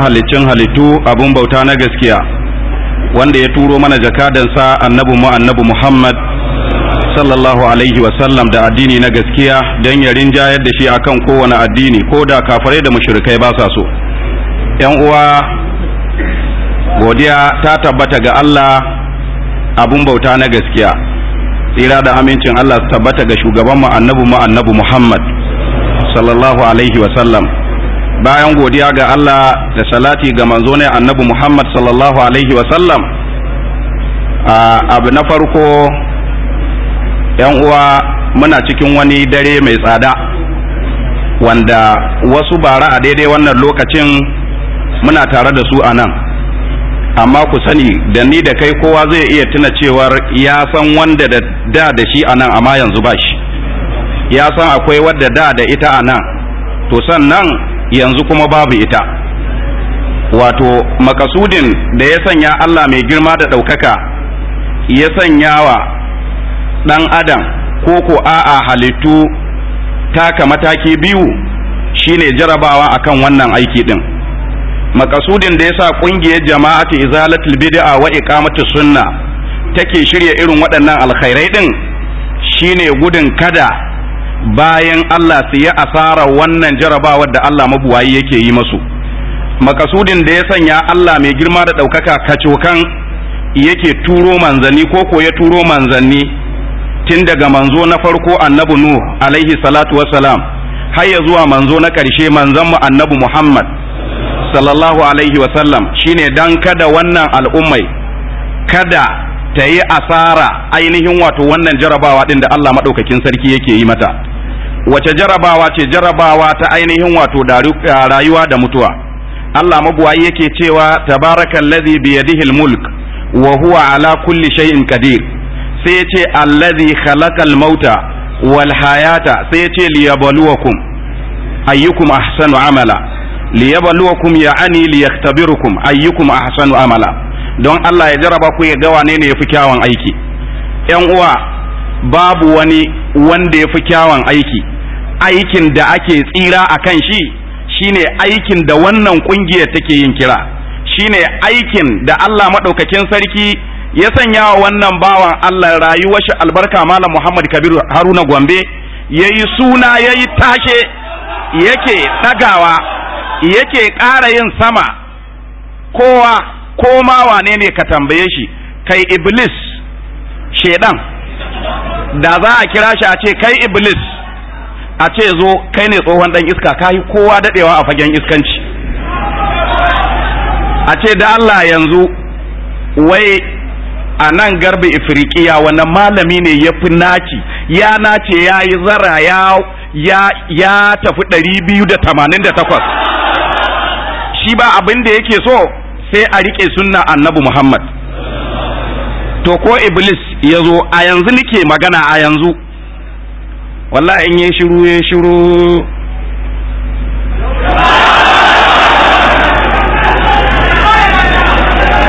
halicin halittu abun bauta na gaskiya wanda ya turo mana jakadansa annabi mu annabi Muhammad sallallahu alaihi sallam da addini na gaskiya don ya rinjayar da shi akan kowane addini ko da kafare da mushrikai ba sa so yan uwa godiya ta tabbata ga Allah abun bauta na gaskiya tsira da amincin Allah su tabbata ga shugaban mu annabi mu annabi Muhammad sallallahu alaihi sallam. bayan godiya ga Allah da salati ga manzo ne annabi Muhammad sallallahu alaihi wa sallam abu na farko yan uwa muna cikin wani dare mai tsada wanda wasu bara a daidai wannan lokacin muna tare da su anan nan amma ku sani da ni da kai kowa zai iya tuna cewar ya san wanda da da da shi a nan amma yanzu ba shi ya san akwai wadda da da ita a nan to sannan yanzu kuma babu ita wato makasudin da ya sanya Allah mai girma da ɗaukaka ya sanya wa ɗan adam ko ko a'a halittu taka mataki biyu shine jarabawa akan wannan aiki ɗin. makasudin da yasa ƙungiyar jama'atu izalatul bid'a wa iqamatus sunna take shirya irin waɗannan alkhairai din shine gudun kada bayan Allah su yi asara wannan jarabawar da Allah mabuwayi yake yi masu makasudin da ya sanya Allah mai girma da ɗaukaka kacokan yake turo manzanni ko ko ya turo manzanni tun daga manzo na farko annabi nuh alaihi salatu wassalam har ya zuwa manzo na ƙarshe manzon mu annabi muhammad sallallahu alaihi wasallam shine dan kada wannan al'ummai kada ta yi asara ainihin wato wannan jarabawa din da Allah maɗaukakin sarki yake yi mata wace jarabawa ce jarabawa ta ainihin wato eh, rayuwa da mutuwa Allah magwayi yake cewa tabarakan ladhi biyadihi mulk wa huwa ala kulli shay'in qadir sai yace allazi khalaqal mauta wal hayata sai yace liyabluwakum ayyukum ahsanu amala liyabluwakum ya'ani liyaktabirukum ayyukum ahsanu amala don Allah ya jaraba ku ya ga wane ne yafi kyawun aiki yan uwa babu wani wanda ya fi kyawun aiki aikin da ake tsira a kan shi shine aikin da wannan ƙungiyar take yin kira shine aikin da Allah maɗaukakin sarki ya sanya wa wannan bawan Allah rayuwar shi albarka malam Muhammad Kabiru Haruna Gombe yayi suna yayi tashe yake ɗagawa yake ƙara yin sama kowa ko ma ne ka tambaye shi kai iblis shedan da za a kira shi a ce kai iblis a ce zo kai ne tsohon dan iska ka yi kowa dadewa a fagen iskanci a ce da Allah yanzu wai a nan garba ifirikiya wani malami ne ya fi naci ya nace ya yi zara ya ya tafi ɗari biyu da tamanin da takwas shi ba abin da yake so sai a riƙe sunna annabi Muhammad to ko iblis ya zo a yanzu nike magana a yanzu wallahi in yi shiru ya shiru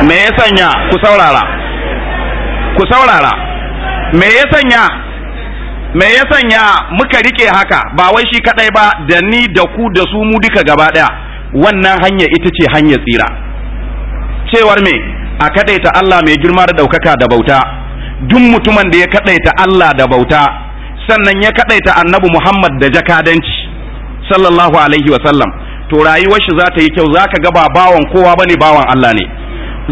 me ya sanya ku saurara ku saurara me ya sanya me ya sanya muka rike haka ba wai shi kadai ba da ni da ku da su mu duka gaba daya wannan hanya ita ce hanya tsira cewar me a kadaita Allah mai girma da ɗaukaka da bauta duk mutumin da ya kadaita Allah da bauta sannan ya kadaita annabi Muhammad da jakadanci sallallahu alaihi wa sallam to rayuwar shi za ta yi kyau zaka ga ba bawan kowa bane bawan Allah ne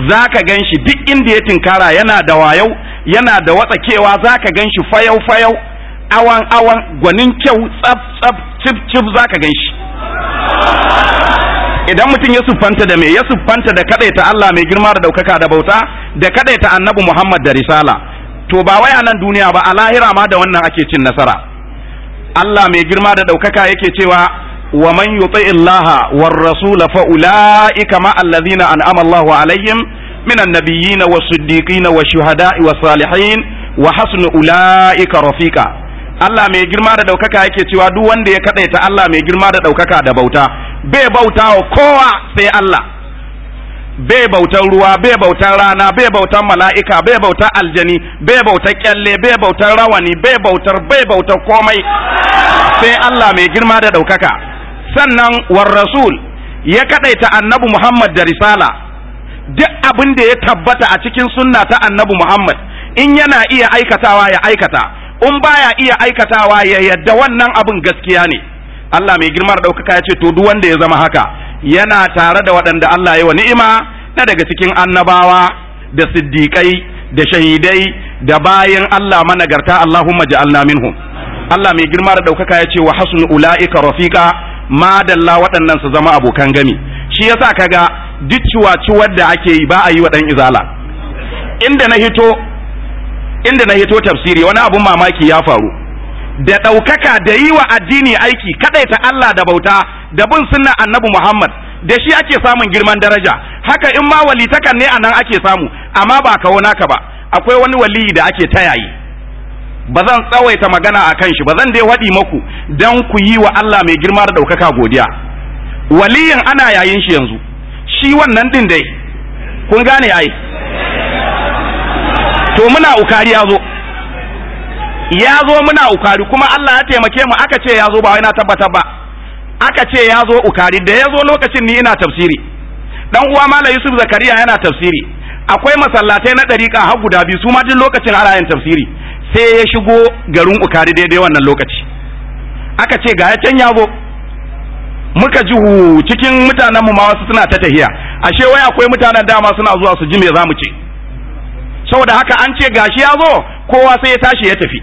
zaka gan shi duk inda ya tinkara yana da wayau yana da watsakewa zaka gan shi fayau fayau awan awan gwanin kyau tsaf tsaf cif cif zaka gan shi idan mutum ya siffanta da me ya siffanta da kadaita Allah mai girma da daukaka da bauta da kadaita annabi Muhammad da risala to ba wai a nan duniya ba a lahira ma da wannan ake cin nasara Allah mai girma da daukaka yake cewa wa man yuti Allah war rasul fa ulaika ma allazina an'ama Allahu alaihim minan nabiyyin was siddiqin was shuhada'i was salihin wa hasnu ulaika rafiqa Allah mai girma da daukaka yake cewa duk wanda ya kadaita Allah mai girma da daukaka da bauta bai bauta wa kowa sai Allah bai bautan ruwa bai bautan rana bai bautan mala'ika bai bautan aljani bai bautan kyalle bai bautan rawani bai bautar bai bautan komai sai Allah mai girma da ɗaukaka sannan war rasul ya kadaita annabi Muhammad da risala duk abin da ya tabbata a cikin sunna ta annabi Muhammad in yana iya aikatawa ya aikata in baya iya aikatawa ya yadda wannan abin gaskiya ne Allah mai girma da ɗaukaka ya ce to duk wanda ya zama haka yana tare da waɗanda Allah ya wa ni'ima na daga cikin annabawa da siddiƙai da shahidai da bayan Allah managarta Allahumma ja'alna minhum Allah mai girma da ɗaukaka ya ce wa hasun ula'ika rafiqa madalla waɗannan su zama abokan gami shi yasa kaga duk ciwa-ciwar da ake yi ba a yi wa ɗan izala inda na hito inda na hito tafsiri wani abun mamaki ya faru da ɗaukaka da yi wa addini aiki kaɗaita Allah da bauta da bin sunna annabi Muhammad da shi ake samun girman daraja haka in ma walitakan ne anan ake samu amma ba kawo naka ba akwai wani waliyi da ake tayayi ba zan tsawaita magana a kan shi ba zan dai waɗi maku don ku yi wa Allah mai girma da ɗaukaka godiya waliyin ana yayin shi yanzu shi wannan ɗin dai kun gane ai to muna ukari ya zo ya zo muna ukari kuma Allah ya taimake mu aka ce ya zo ba wai na tabbata ba aka ce ya zo ukari da ya zo lokacin ni ina tafsiri dan uwa mala yusuf zakariya yana tafsiri akwai masallatai na dariƙa har guda biyu su ma duk lokacin ana yin tafsiri sai ya shigo garin ukari daidai wannan lokaci aka ce ga ya can ya zo muka ji cikin mutanen mu ma wasu suna ta tahiya ashe wai akwai mutanen dama suna zuwa su ji me zamu ce saboda haka an ce gashi ya zo kowa sai ya tashi ya tafi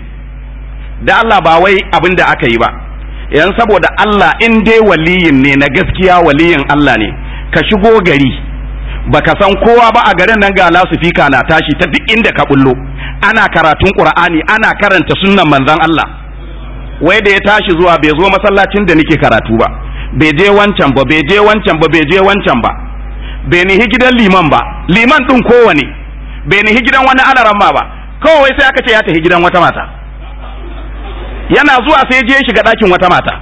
da Allah ba wai abin da aka yi ba yan saboda Allah in dai waliyin ne na gaskiya waliyin Allah ne ka shigo gari baka san kowa ba a garin nan ga fika na tashi ta duk inda ka bullo ana karatun qur'ani ana karanta sunnan manzon Allah wai da ya tashi zuwa bai zo masallacin da nake karatu ba bai je wancan ba bai je wancan ba bai je wancan ba bai nihi gidan liman ba liman din kowane bai nihi gidan wani alaramma ba kawai sai aka ce ya tafi gidan wata mata yana zuwa sai je shiga ɗakin wata mata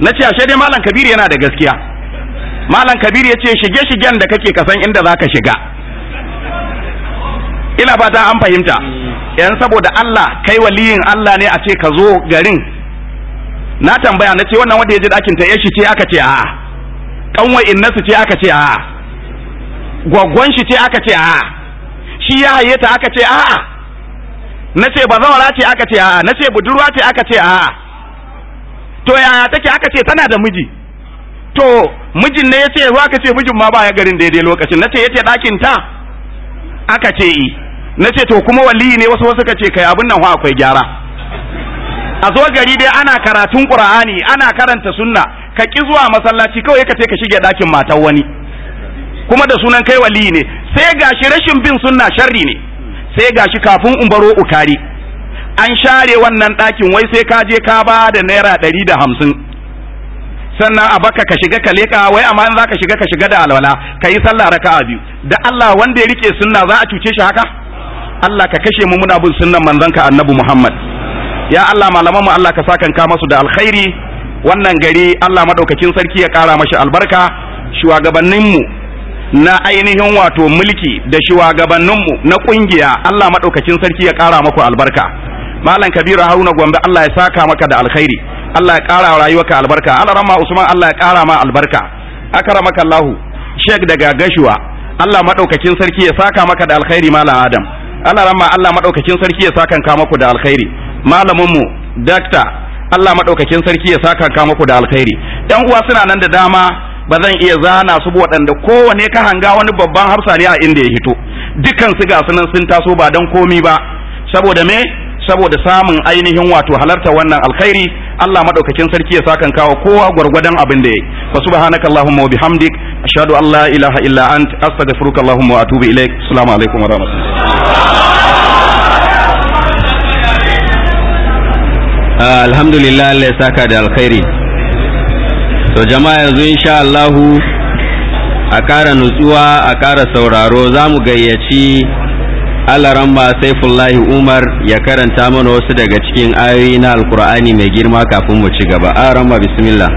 na ce ashe dai malam kabir yana da gaskiya malam kabir ya ce shige shigen da kake kasan inda zaka shiga ina fata an fahimta yan saboda Allah kai waliyin Allah ne a ce ka zo garin na tambaya na ce wannan wanda ya je ɗakin ta yashi ce aka ce a'a kanwa innasu ce aka ce a'a gwaggon shi ce aka ce a'a shi ya haye ta aka ce a'a na ce zawara ce aka ce a'a na ce budurwa ce aka ce a'a to yaya take aka ce tana da miji to mijin ne ya ce zo aka ce mijin ma baya garin daidai lokacin na ce yace dakin ta aka ce i e. na ce to kuma waliyi ne wasu wasu ka ce kai abin nan fa akwai gyara a zo gari dai ana karatun qur'ani ana karanta sunna ka ki zuwa masallaci kawai ka ce ka shige ɗakin matar wani kuma da sunan kai waliyi ne sai gashi rashin bin sunna sharri ne sai ga shi kafin in baro u ukari an share wannan ɗakin wai sai ka je ka ba da naira ɗari da hamsin sannan a baka ka shiga ka leƙa wai amma in za ka shiga ka shiga da alwala ka yi sallah raka a biyu da Allah wanda ya rike sunna za a cuce shi haka Allah ka kashe mu muna bin sunnan ka annabi Muhammad ya Allah malaman mu Allah ka kan ka masu da alkhairi wannan gari Allah madaukakin sarki ya kara mashi albarka shugabannin mu. na ainihin wato mulki da shugabanninmu na kungiya Allah madaukakin sarki ya kara maku albarka malam kabiru haruna gombe Allah ya saka maka da alkhairi Allah ya kara rayuwarka albarka alarama usman Allah ya kara ma albarka akaramaka Allah sheik daga gashuwa Allah madaukakin sarki ya saka maka da alkhairi malam adam alarama Allah madaukakin sarki ya saka ka maku da alkhairi malaminmu dakta Allah madaukakin sarki ya saka ka maku da alkhairi yan uwa suna nan da dama ba zan iya zana su waɗanda kowane ka hanga wani babban hafsa a inda ya hito dukan su gasu nan sun taso ba dan komi ba saboda me saboda samun ainihin wato halarta wannan alkhairi Allah madaukakin sarki ya sakan kawo kowa gwargwadon abin da yayi fa subhanakallahumma wa bihamdik ashhadu an la ilaha illa ant astaghfiruka allahumma wa atubu ilaik assalamu alaikum wa rahmatullahi alhamdulillah Allah ya saka da alkhairi to jama'a yanzu insha Allahu a kara nutsuwa a kara sauraro za mu gayyaci alaramma saifullahi umar ya karanta mana wasu daga cikin ayoyi na alkur'ani mai girma kafin mu ci gaba alaramma bismillah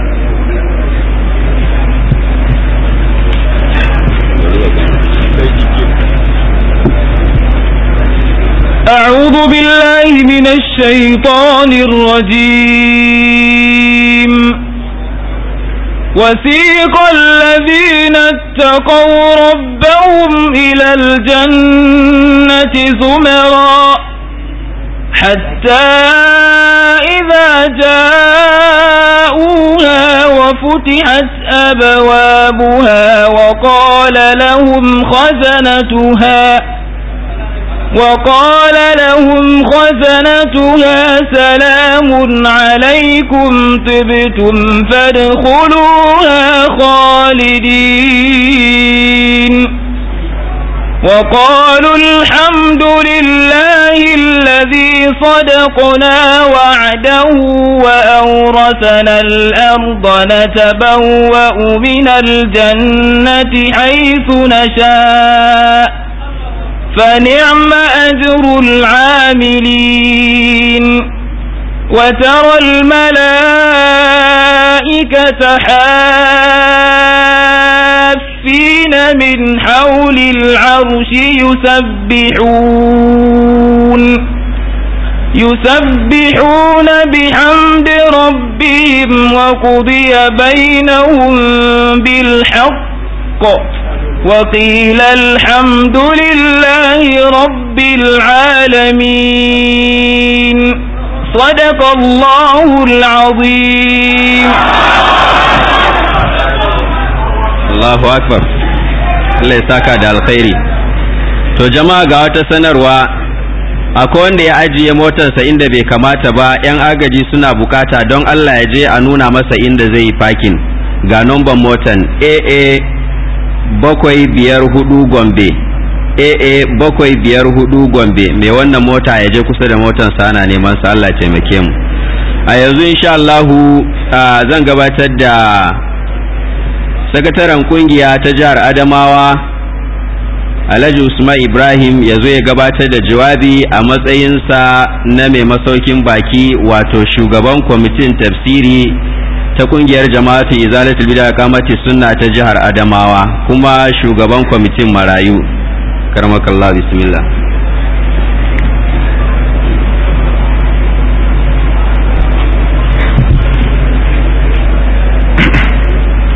أعوذ بالله من الشيطان الرجيم وسيق الذين اتقوا ربهم إلى الجنة زمرا حتى إذا جاءوها وفتحت أبوابها وقال لهم خزنتها وقال لهم خزنتها سلام عليكم طبتم فادخلوها خالدين وقالوا الحمد لله الذي صدقنا وعده وأورثنا الأرض نتبوأ من الجنة حيث نشاء فنعم أجر العاملين وترى الملائكة حافين من حول العرش يسبحون يسبحون بحمد ربهم وقضي بينهم بالحق وقيل الحمد لله رب العالمين صدق الله العظيم الله أكبر الله يساك على الخير to jama'a ga wata sanarwa akwai wanda ya ajiye motarsa inda bai kamata ba 'yan agaji suna bukata don Allah ya je a nuna masa inda zai yi fakin ga nomban motan AA bakwai biyar hudu gombe aa eh, eh, bakwai biyar hudu gombe mai wannan mota ya je kusa da motan sana neman sa Allah taimake mu a yanzu insha Allah zan gabatar da sakataren kungiya ta jihar Adamawa Alhaji Usman Ibrahim ya zo ya gabatar da jawabi a matsayinsa na mai masaukin baki wato shugaban kwamitin tafsiri ta kungiyar jama'atu izalatul bid'a kamati sunna ta jihar Adamawa kuma shugaban kwamitin marayu karmakallah bismillah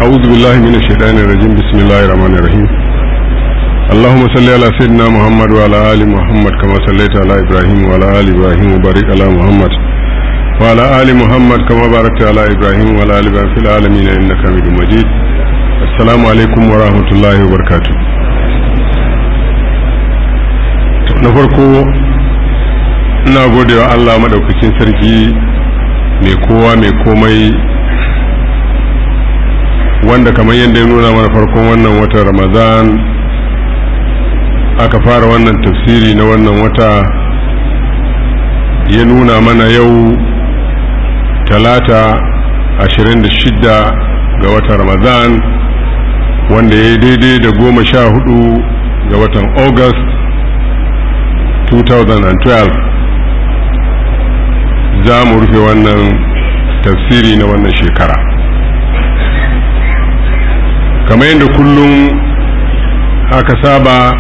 أعوذ بالله من الشيطان الرجيم بسم الله الرحمن الرحيم اللهم صل على سيدنا محمد وعلى آل محمد كما صليت على إبراهيم وعلى آل إبراهيم وبارك على محمد وعلى آل محمد كما باركت على إبراهيم وعلى آل إبراهيم في العالمين إنك حميد مجيد السلام عليكم ورحمة الله وبركاته na farko ina godewa Allah madaukakin sarki mai kowa mai komai wanda kamar yadda ya nuna mana farkon wannan watan ramadan aka fara wannan tafsiri na wannan wata ya nuna mana yau talata shida ga watan ramadan wanda ya yi daidai da goma sha hudu ga watan august 2012 za mu rufe wannan tafsiri na wannan shekara kamar yadda kullum aka saba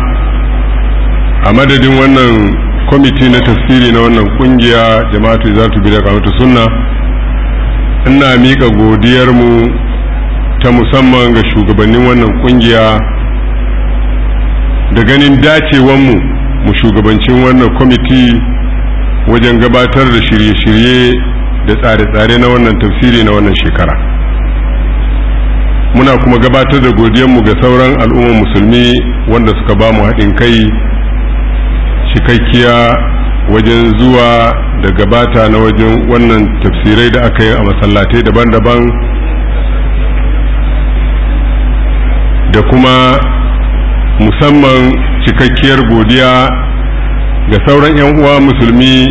a madadin wannan kwamiti na tafsiri na wannan kungiya jama'atu za ta bi da kamata sunna ina miƙa mu ta musamman ga shugabannin wannan ƙungiya da ganin dacewanmu mu shugabancin wannan kwamiti wajen gabatar da shirye-shirye da tsare-tsare na wannan tafsiri na wannan shekara muna kuma gabatar da godiyarmu ga sauran al'ummar musulmi wanda suka ba mu haɗin kai cikakkiya wajen zuwa da gabata na wajen wannan tafsirai da aka yi a masallatai daban-daban da kuma musamman cikakkiyar godiya ga sauran 'yan uwa musulmi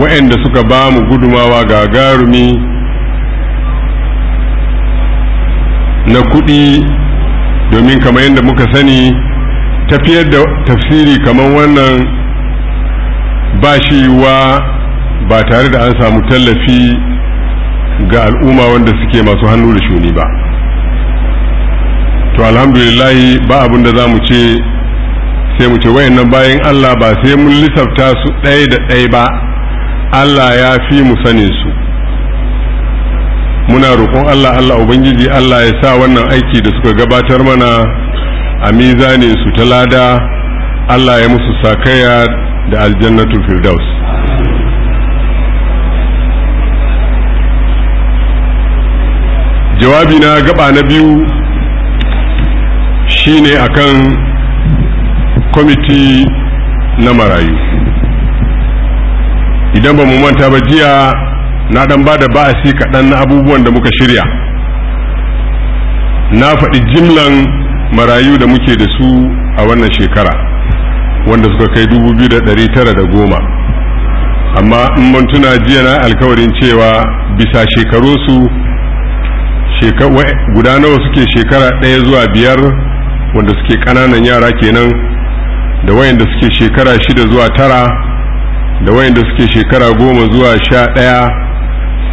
waɗanda suka ba mu gudumawa gagarumi na kuɗi domin kamar yadda muka sani tafiyar da tafsiri kamar wannan ba shi yiwuwa ba tare da an samu tallafi ga al'umma wanda suke masu hannu da shuni ba to alhamdulillahi ba abin da za mu ce sai mu ce wayannan bayan allah ba sai mun lissafta su ɗaya da ɗaya ba allah ya fi mu sanin su muna roƙon allah allah ubangiji allah ya sa wannan aiki da suka gabatar mana a mizanin su ta lada allah ya musu sakaya da aljannatu firdaus jawabi na gaba na biyu shine akan kwamiti na marayu idan ba mu manta ba jiya na dan ba da ba'asi kaɗan na abubuwan da muka shirya na faɗi jimlan marayu da muke da su a wannan shekara wanda suka kai dubu biyu da ɗari tara da goma amma in mantuna jiya na alkawarin cewa bisa shekaru su guda nawa suke shekara ɗaya zuwa biyar wanda suke ƙananan yara kenan da wayanda suke shekara shida zuwa tara da wayanda suke shekara goma zuwa sha ɗaya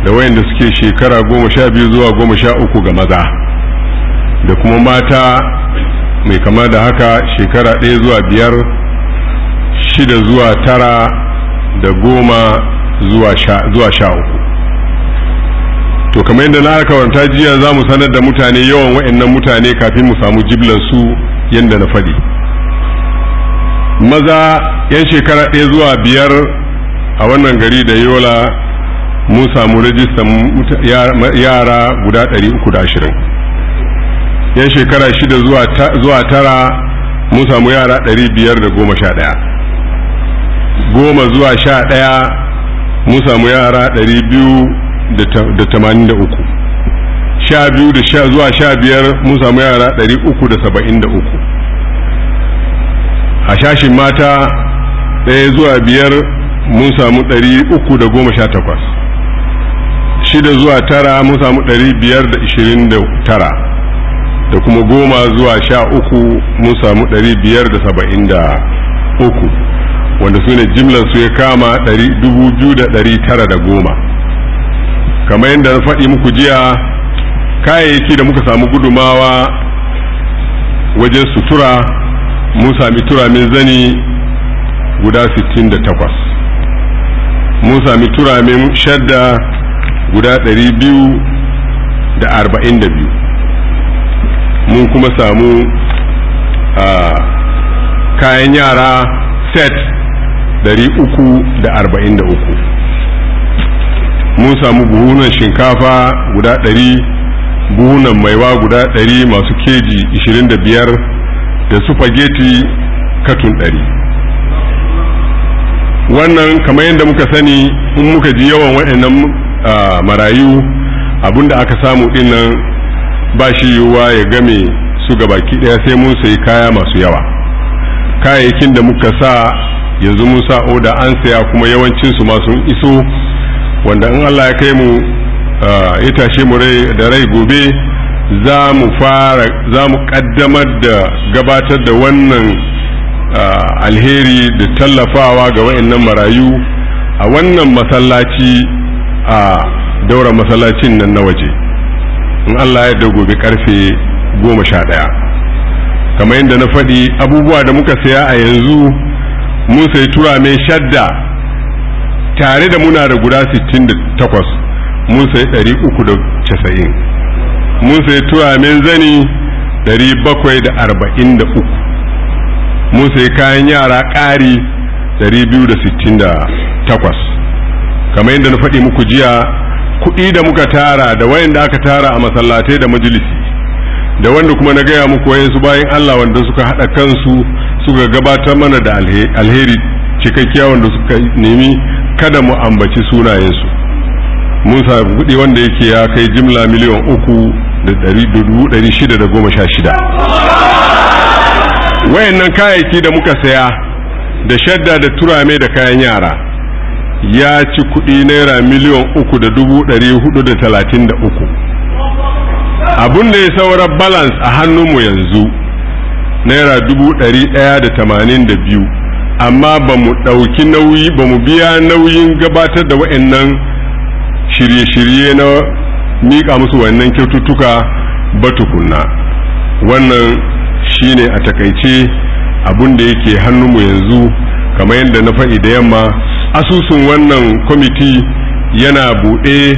da wayanda suke shekara goma sha biyu zuwa goma sha uku ga maza da kuma mata mai kama da haka shekara ɗaya zuwa biyar shida zuwa tara da goma zuwa sha uku to kamar yadda na karanta jiya za mu sanar da mutane yawan wa'annan mutane kafin mu samu jiblansu yadda na faɗi maza 'yan shekara ɗaya zuwa biyar a wannan gari da yola mun samu rajistan yara guda 320 'yan shekara shida zuwa tara mun samu yara 511 goma zuwa sha ɗaya mun samu yara ɗari biyu da tamanin da uku sha biyu da zuwa sha biyar mun samu yara ɗari uku da saba'in da uku a shashin mata ɗaya zuwa biyar mun samu ɗari uku da goma sha takwas shida zuwa tara mun samu ɗari biyar da ishirin da tara da kuma goma zuwa sha uku mun samu ɗari biyar da saba'in da uku wanda su ne jimlar su ya kama da tara goma kamar yadda na faɗi muku jiya kayayyaki da muka samu gudumawa wajen sutura mun sami tura mai zani guda 68 mun sami tura mai shadda guda 242 mun kuma samu ah, kayan yara set 343 mun samu buhunan shinkafa guda 100 buhunan maiwa guda 100 masu keji 25 da sufageti katun 100 wannan kamar yadda muka sani in muka ji yawan waɗannan marayu abinda aka samu dinnan ba shi yiwuwa ya game su gabaki ɗaya sai mun sayi kaya masu yawa kayayyakin da muka sa yanzu mun sa oda an saya kuma yawancin su ma iso wanda in Allah ya kai mu ya tashe mu rai da rai gobe za mu fara za mu kaddamar da gabatar da wannan alheri da tallafawa ga wa'annan marayu a wannan masallaci a daura masallacin nan na waje in Allah ya gobe karfe goma sha ɗaya kamar yadda na faɗi abubuwa da muka saya a yanzu musa ya tura mai shadda tare da muna da guda 68 musa ya 390 musa ya tura mai zani 743 musa ya kayan yara ƙari 268 kamar yadda na faɗi muku jiya kuɗi da muka tara da wayanda aka tara a masallatai da majalisi da wanda kuma na gaya muku wayansu bayan Allah wanda suka haɗa kansu suka gabatar mana da alheri cikakkiya wanda suka nemi kada mu ambaci sunayensu mun sami kuɗi wanda yake ya kai jimla miliyan uku da ɗari shida da goma sha shida wayannan kayayyaki da muka saya da shadda da turame da kayan yara ya ci kuɗi naira miliyan uku da dubu ɗari hudu da talatin da uku abun da ya saura balance a hannunmu yanzu naira dubu ɗari ɗaya da tamanin da biyu amma ba mu ɗauki nauyi ba mu biya nauyin gabatar da wa'annan shirye-shirye na miƙa musu wannan kyaututtuka ba tukunna wannan ne a takaice abin da yake hannunmu yanzu kamar yadda na faɗi da yamma asusun wannan kwamiti yana buɗe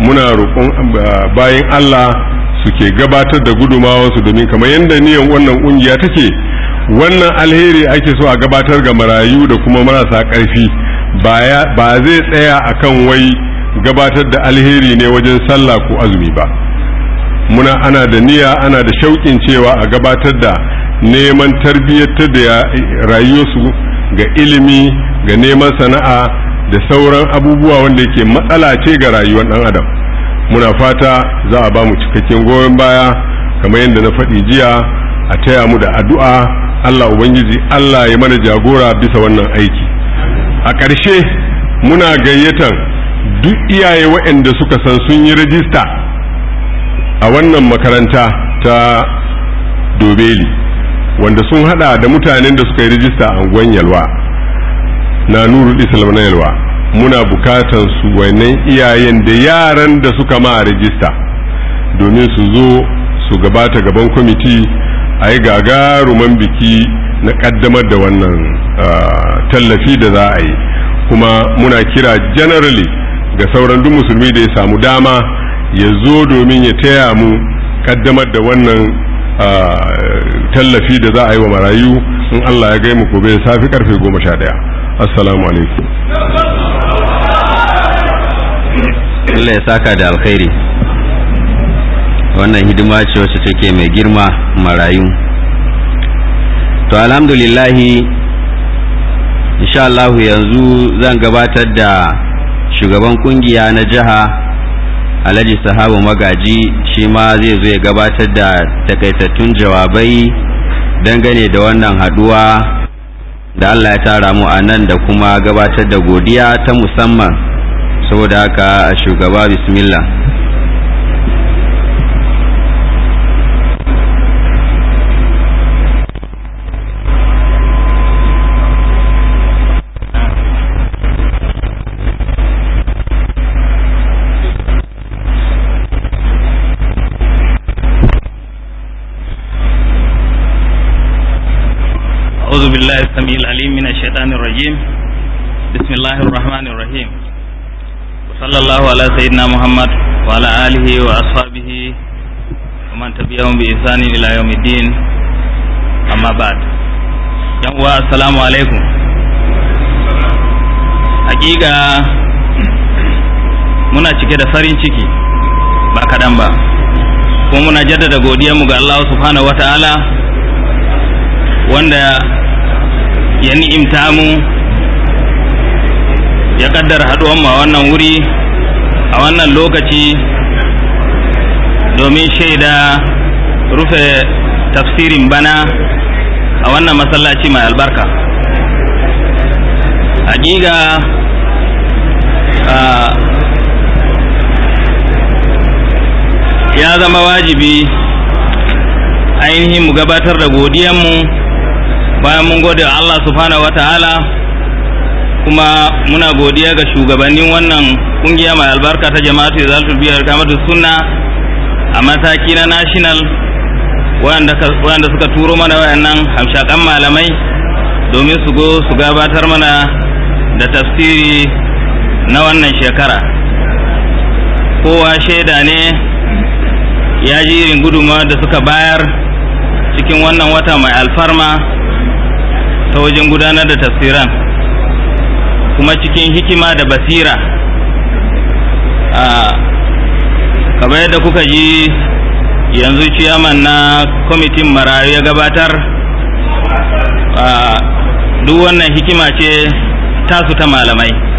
muna roƙon ah, bayan allah suke gabatar da gudumawarsu domin kamar yadda niyan wannan kungiya take wannan alheri ake so a gabatar ga marayu da kuma marasa ƙarfi ba zai tsaya a kan wai gabatar da alheri ne wajen sallah ko azumi ba muna ana da niyya ana da shauƙin cewa a gabatar da neman tarbiyyar da rayuwarsu ga ilimi ga neman sana'a da sauran abubuwa wanda yake matsala ce ga rayuwar ɗan adam muna fata za a ba mu cikakken goyon baya kamar yadda na faɗi jiya a taya mu da addu'a Allah ubangiji Allah ya mana jagora bisa wannan aiki a ƙarshe muna gayyatan duk iyaye waɗanda suka san sun yi rajista a wannan makaranta ta dobeli wanda sun hada da mutanen da suka yi rajista a yalwa na nuru islam na yalwa muna bukatan su wannan iyayen da yaran da suka ma rijista domin su zo su gabata gaban kwamiti a yi gagaruman biki na kaddamar da wannan tallafi da za a yi kuma muna kira generally ga sauran duk musulmi da ya samu dama ya zo domin ya taya mu kaddamar da wannan tallafi da za a yi wa marayu in allah ya gai mu gobe safi karfe goma sha daya assalamu alaikum Allah ya saka da alkhairi wannan hidima ce wacce take mai girma marayu to alhamdulillahi insha Allah yanzu zan gabatar da shugaban kungiya na jiha alhaji sahabu magaji shi ma zai zo ya gabatar da takaitattun jawabai dangane da wannan haduwa da Allah ya tara mu a nan da kuma gabatar da godiya ta musamman saboda haka a shugaba bismillah أعوذ بالله السميع العليم من الشيطان الرجيم الله على سيدنا محمد وعلى آله وأصحابه ومن تبعهم بإحسان إلى يوم الدين أما بعد يوم السلام عليكم حقيقة muna cike da farin ciki ba kaɗan ba kuma muna jaddada godiyarmu ga Allah subhanahu wata'ala wanda ya ni'imta mu ya kaddara haɗuwan a wannan wuri a wannan lokaci domin shaida rufe tafsirin bana a wannan masallaci mai albarka hakika ya zama wajibi ainihin mu gabatar da godiyanmu bayan mun gode Allah subhanahu wa ta'ala kuma muna godiya ga shugabannin wannan kungiya mai albarka ta jama'atu da zalatul biyar kamatu sunna a mataki na national wanda suka turo mana wayannan hamshakan malamai domin su go su gabatar mana da tafsiri na wannan shekara kowa shaida ne ya ji irin guduma da suka bayar cikin wannan wata mai alfarma ta wajen gudanar da tafsiran kuma cikin hikima da basira kamar yadda kuka ji yanzu ciyaman na kwamitin marayu ya gabatar duk wannan hikima ce tasu ta malamai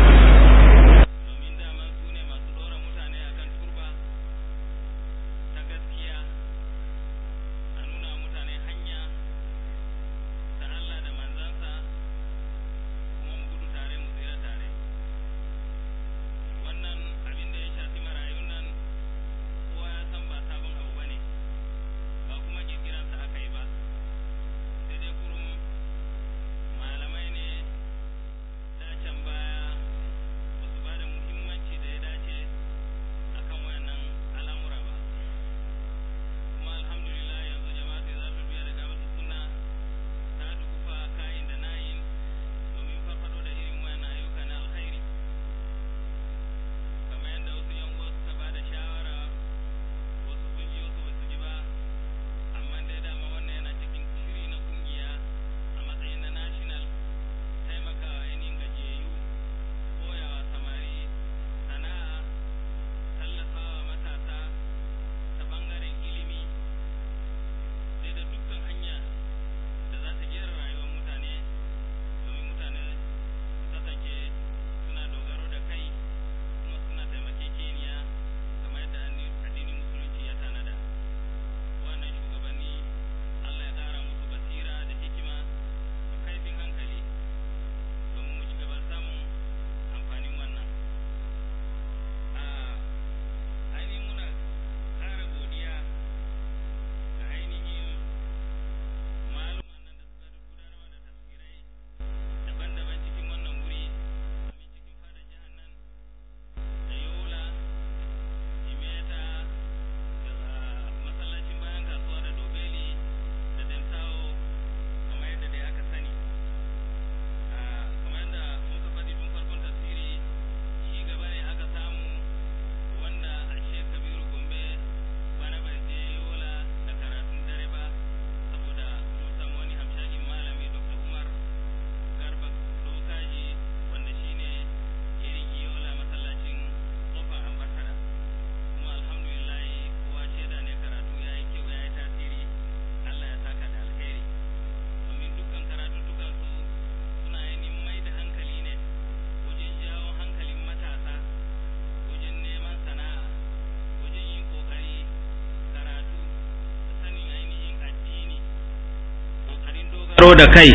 dogaro da kai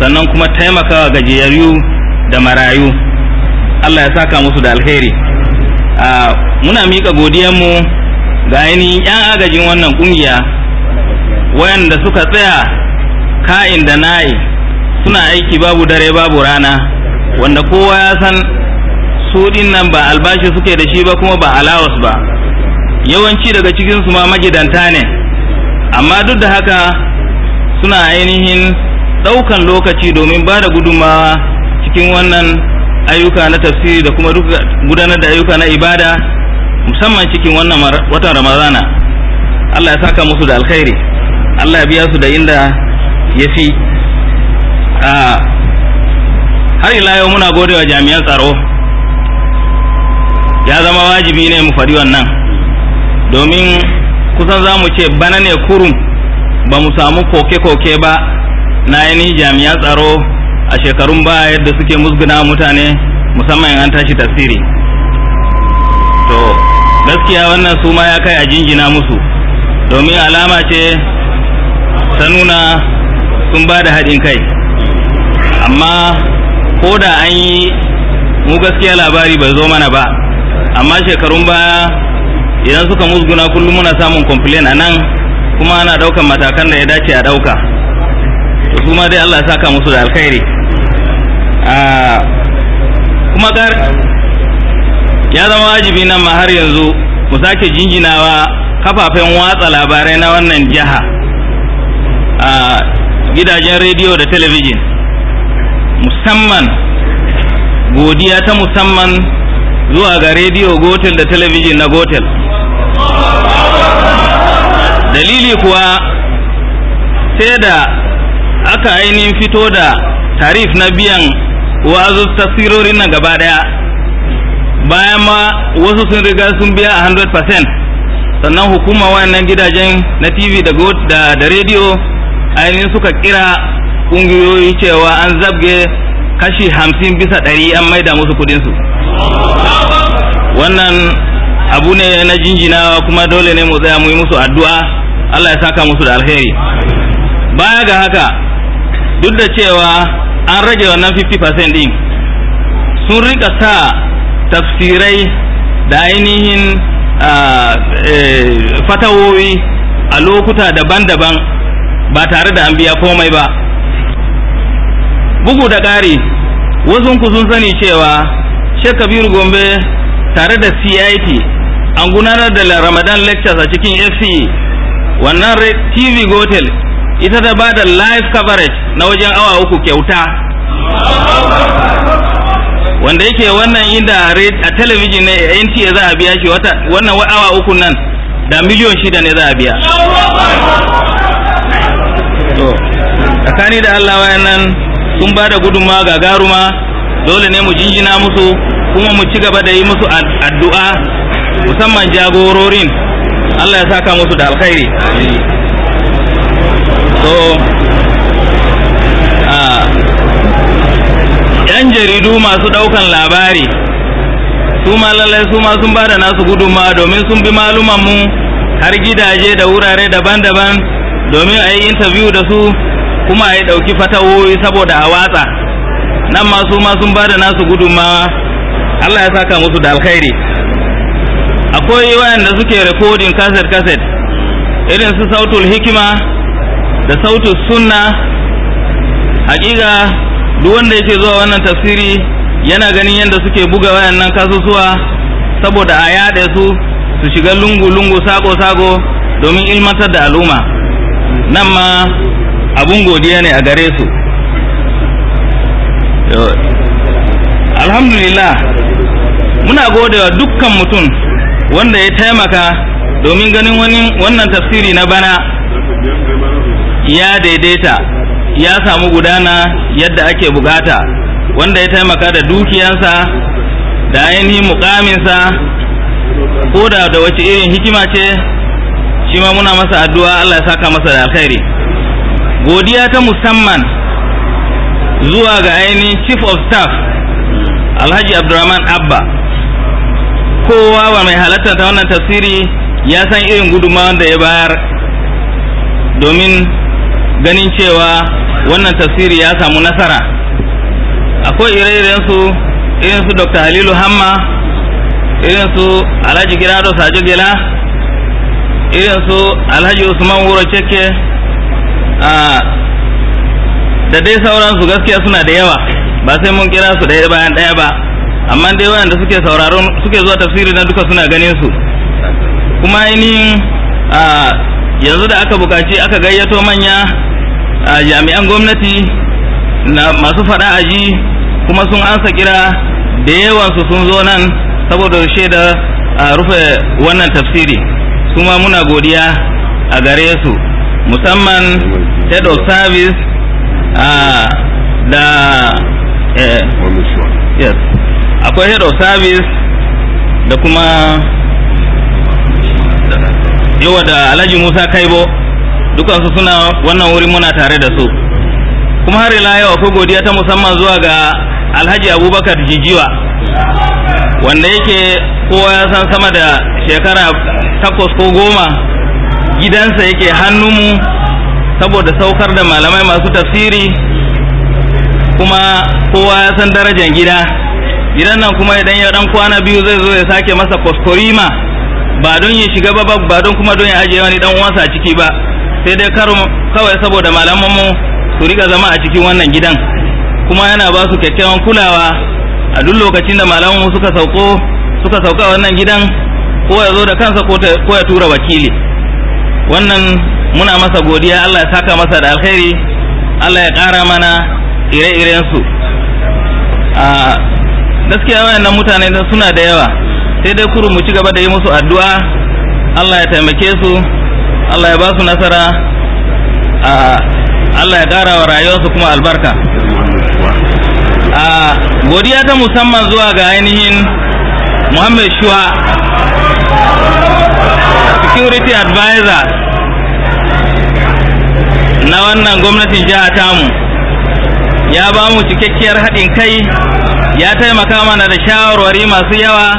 sannan kuma taimakawa gajiyayyu da marayu Allah ya saka musu da alheri muna miƙa godiyanmu ga ainihin 'yan agajin wannan ƙungiya wayanda suka tsaya ka'in da nayi suna aiki babu dare babu rana wanda kowa ya san su nan ba albashi suke da shi ba kuma ba alawas ba yawanci daga cikinsu ma magidanta ne amma duk da haka suna ainihin ɗaukan lokaci domin ba da gudunmawa cikin wannan ayyuka na tafsiri da kuma gudanar da ayyuka na ibada musamman cikin wannan watan ramadana Allah ya saka musu da alkhairi Allah ya biya su da inda ya fi har ila yau muna gode wa jami'an tsaro ya zama wajibi ne mu faɗi wannan domin kusan za mu ce bana ne kurum ba mu samu koke-koke ba na yanayin jami'an tsaro a shekarun baya yadda suke musguna mutane musamman an tashi tasiri to gaskiya wannan su ma ya kai a jinjina musu domin alama ce ta nuna sun ba da haɗin kai amma ko da an yi mu gaskiya labari bai zo mana ba amma shekarun baya idan suka musguna kullum muna samun complain a nan kuma ana daukan matakan da ya dace a dauka su ma dai Allah ya saka musu da alkhairi kuma gar ya zama wajibi nan ma har yanzu mu sake jinjinawa kafafen watsa labarai na wannan jiha a gidajen rediyo da talabijin musamman godiya ta musamman zuwa ga rediyo gotel da talabijin na gotel dalili kuwa sai da aka ainihin fito da tarif na biyan wazo tasirorin na gaba daya bayan ma wasu sun riga sun biya a 100% sannan hukuma wayannan gidajen na tv da da rediyo ainihin suka kira ƙungiyoyi cewa an zabge kashi hamsin bisa ɗari an maida musu kudinsu wannan abu ne na jinjinawa kuma dole ne mu tsaya mu yi musu addu'a Allah ya saka musu da alheri baya ga haka duk da cewa an rage wannan 50% din sun rika sa tafsirai da ainihin e, fatawowi a lokuta daban-daban ba tare da an biya komai ba bugu da ƙari wasu sun sani cewa shekabiru gombe tare da cit an gudanar da ramadan lectures a cikin fce wannan tv gotel ita ta ba da live coverage na wajen awa uku kyauta wanda yake wannan inda a talabijin na nta za a biya shi wannan awa uku nan da miliyon shida ne za a biya tsakani da allah wayannan sun ba da gudunmawa garuma dole ne mu jinjina musu kuma mu ci gaba da yi musu addu'a musamman jagororin Allah ya saka musu da alkhairi so yan jaridu masu daukan labari su ma lallai su ma sun bada nasu gudunma domin sun bi mu har gidaje da wurare daban-daban domin a yi interview da su kuma a yi ɗauki fatawoyi saboda a watsa nan ma su ma sun bada nasu gudunma Allah ya saka musu da alkhairi akwai wayanda suke recording kaset kaset irin su sautul hikima da sautul sunna hakika duk wanda yake zuwa wannan tafsiri yana ganin yadda suke buga wayannan kasusuwa saboda a yaɗa su su shiga lungu lungu sako sako domin ilmantar da al'umma nan ma abun godiya ne a gare su alhamdulillah muna godewa dukkan mutum wanda ya taimaka domin ganin wannan tafsiri na bana ya daidaita ya samu gudana yadda ake bukata wanda ya taimaka da dukiyansa da ainihin mukaminsa ko da da wace irin hikima ce shi ma muna masa addu'a Allah ya saka masa da alkhairi godiya ta musamman zuwa ga ainihin chief of staff alhaji abdurrahman abba kowa wa mai halarta ta wannan tasiri ya san irin gudunmawar da ya bayar domin ganin cewa wannan tasiri ya samu nasara akwai ire irensu irinsu dr halilu hamma irin su alhaji girado sajo gela irin alhaji usman wuro Cekke da dai sauransu gaskiya suna da yawa ba sai mun kira su ɗaya bayan ɗaya ba amma dai wanda suke sauraron suke zuwa tafsiri na duka suna ganin su kuma ainihin yanzu da aka bukaci aka gayyato manya a jami'an gwamnati na masu faɗa aji kuma sun ansa kira da su sun zo nan saboda shaida a rufe wannan tafsiri kuma muna godiya a gare su musamman head of service da eh, akwai head of service da kuma yawa da alhaji musa kaibo dukansu suna wannan wuri muna tare da su kuma har ila yau akwai godiya ta musamman zuwa ga alhaji abubakar jijiwa wanda yake kowa ya san sama da shekara takwas ko goma gidansa yake hannunmu saboda saukar da malamai masu tafsiri kuma kowa ya san darajar gida gidan nan kuma idan ya dan kwana biyu zai zo ya sake masa koskorima ba don ya shiga ba ba don kuma don ya ajiye wani dan uwansa a ciki ba sai dai karo kawai saboda malaman mu su rika zama a cikin wannan gidan kuma yana ba su kyakkyawan kulawa a duk lokacin da malaman mu suka sauko suka sauka wannan gidan ko ya zo da kansa ko ya tura wakili wannan muna masa godiya Allah ya saka masa da alkhairi Allah ya kara mana ire-irensu ah, gaskiya wayannan mutane suna da yawa sai dai kuru mu ci gaba da yi musu addu'a Allah ya taimake su Allah ya ba su nasara Allah ya gara wa rayuwarsu kuma albarka a godiya ta musamman zuwa ga ainihin Muhammad Shuwa security advisor na wannan gwamnatin jiha tamu ya ba mu cikakkiyar haɗin kai ya taimaka mana da shawarwari masu yawa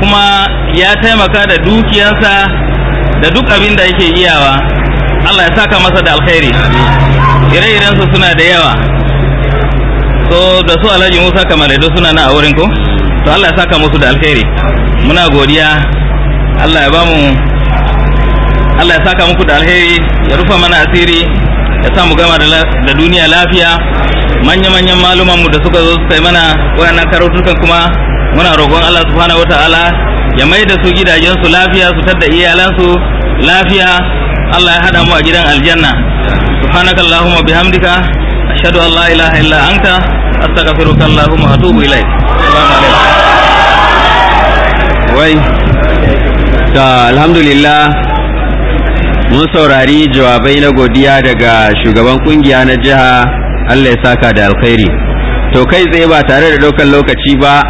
kuma ya taimaka da dukiyansa da duk abin da yake iyawa Allah ya saka masa da alkhairi ire-iren su suna da yawa so da su alhaji musa kamar da suna na a wurin ko to Allah ya saka musu da alkhairi muna godiya Allah ya bamu Allah ya saka muku da alheri ya rufa mana asiri ya samu gama da duniya lafiya manya-manyan malumanmu da suka zo su kai mana waɗannan karatukan kuma muna roƙon Allah subhanahu wata'ala ya mai da su gidajensu lafiya su tadda iyalansu lafiya Allah ya haɗa mu a gidan aljanna subhanaka allahumma bihamdika ashhadu an la ilaha illa anta astaghfiruka allahumma atubu ilaik assalamu alaikum wai ta alhamdulillah mun saurari jawabai na godiya daga shugaban kungiya na jiha Allah ya saka da alkhairi to kai tsaye ba tare da ɗaukar lokaci ba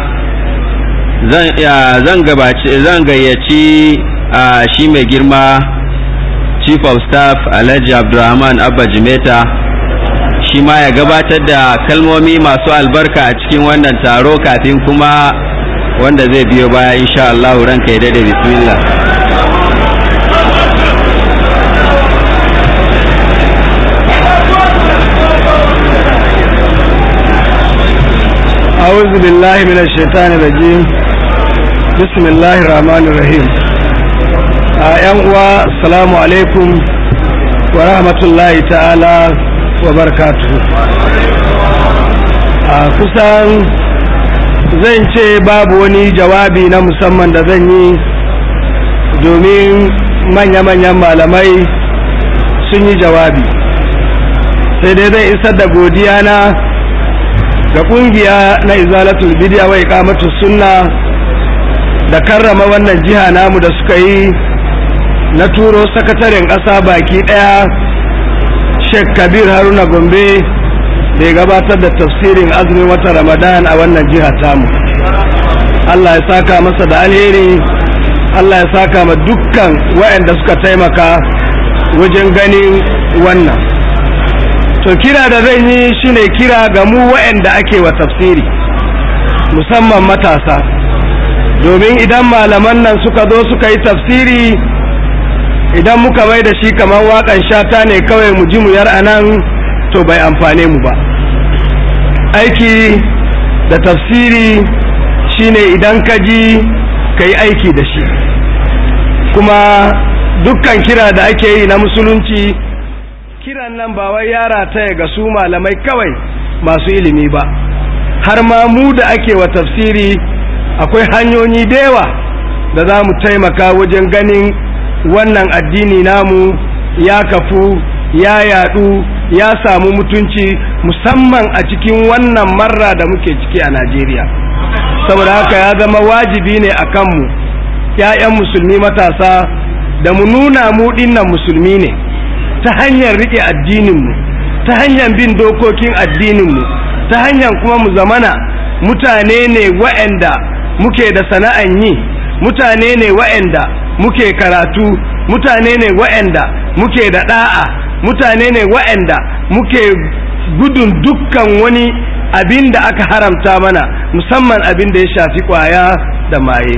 zan zan gayyaci shi mai girma chief of staff alhaji abdulrahman abba jimeta shi ma ya gabatar da kalmomi masu albarka a cikin wannan taro kafin kuma wanda zai biyo baya insha Allah ranka ya dade bismillah أعوذ بالله من الشيطان الرجيم بسم الله الرحمن الرحيم أيها السلام عليكم ورحمة الله تعالى وبركاته kusan zan ce babu wani jawabi na musamman da zan yi domin manya-manyan malamai sun yi jawabi sai dai zan isar da godiya na da kungiya na izalatul bidiya wa iqamatus sunna da karrama wannan jiha namu da suka yi na turo sakataren ƙasa baki ɗaya Sheikh Kabir Haruna Gombe da ya gabatar da tafsirin azumin wata Ramadan a wannan jiha tamu Allah ya saka masa da alheri Allah ya saka ma dukkan waɗanda suka taimaka wajen ganin wannan To kira da zai yi shine kira ga mu waɗanda ake wa tafsiri musamman matasa domin idan malaman nan suka zo suka yi tafsiri idan muka bai da shi kamar waƙan shata ne kawai mu ji mu yar anan to bai amfane mu ba aiki da tafsiri shine idan ka ji ka yi aiki da shi kuma dukkan kira da ake yi na musulunci kiran nan ba wai yara ta ga su malamai kawai masu ilimi ba har ma mu da ake wa tafsiri akwai hanyoyi da da za mu taimaka wajen ganin wannan addini namu ya kafu ya yadu ya samu mutunci musamman a cikin wannan marra da muke ciki a Najeriya saboda haka ya zama wajibi ne a kanmu ‘ya'yan musulmi matasa da mu nuna mu dinnan musulmi ne’ ta hanyar riƙe addininmu ta hanyar bin dokokin addininmu ta hanyar kuma mu zamana mutane ne wa'anda muke da sana'an yi mutane ne wa'anda muke karatu mutane ne wa'anda muke da ɗa'a mutane ne wa'anda muke gudun dukkan wani abin da aka haramta mana musamman abin da ya shafi kwaya da maye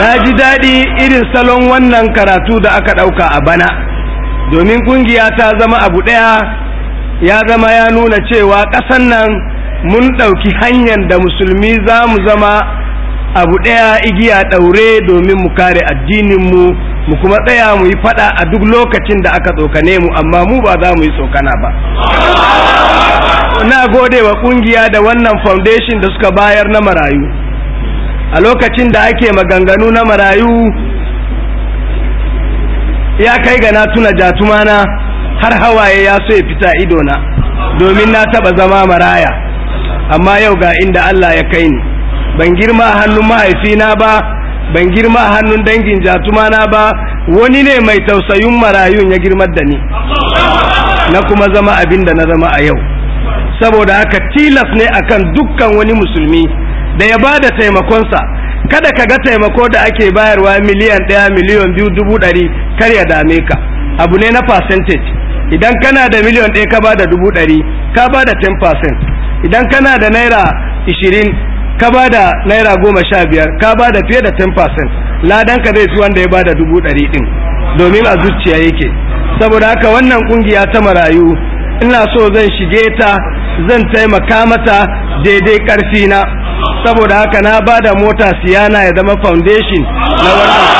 na ji daɗi irin salon wannan karatu da aka ɗauka a bana domin ƙungiya ta zama abu ɗaya ya zama ya nuna cewa ƙasan nan mun ɗauki hanyar da musulmi za mu zama abu ɗaya igiya ɗaure domin mu kare addininmu mu kuma tsaya mu yi faɗa a duk lokacin da aka tsokane mu amma mu ba za mu yi tsokana ba na gode wa ƙungiya da wannan foundation da suka bayar na marayu a lokacin da ake maganganu na marayu ya kai ga na tuna jatumana har hawaye ya so ya fita idona domin na taba zama maraya amma yau ga inda Allah ya kai ni ban girma hannun mahaifina ba ban girma hannun dangin jatumana ba wani ne mai tausayin marayun ya girmar da ni na kuma zama abin da na zama a yau saboda haka tilas ne akan dukkan wani musulmi da ya ba da taimakonsa kada ka ga taimako da ake bayarwa miliyan ɗaya miliyan biyu dubu ɗari kar ya dame ka abu ne na percentage idan kana da miliyan ɗaya ka ba da dubu ɗari ka ba da percent idan kana da naira ishirin ka ba da naira goma sha biyar ka ba da fiye da 10% ladan ka zai fi wanda ya ba da dubu ɗari ɗin domin a zuciya yake saboda haka wannan ƙungiya ta marayu ina so zan shige ta zan taimaka mata daidai ƙarfi na saboda haka na ba da mota siyana ya zama foundation na wannan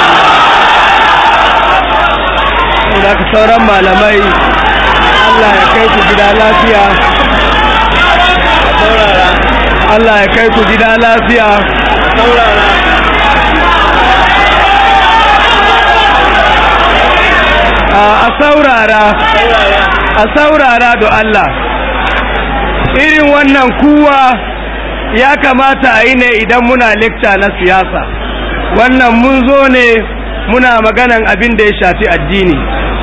saboda haka sauran malamai Allah ya kai ku gida lafiya Allah ya kai ku gida lafiya a saurara a saurara da Allah irin wannan kuwa ya kamata a yi ne idan muna lecture na siyasa wannan mun zo ne muna maganan abin da ya shafi addini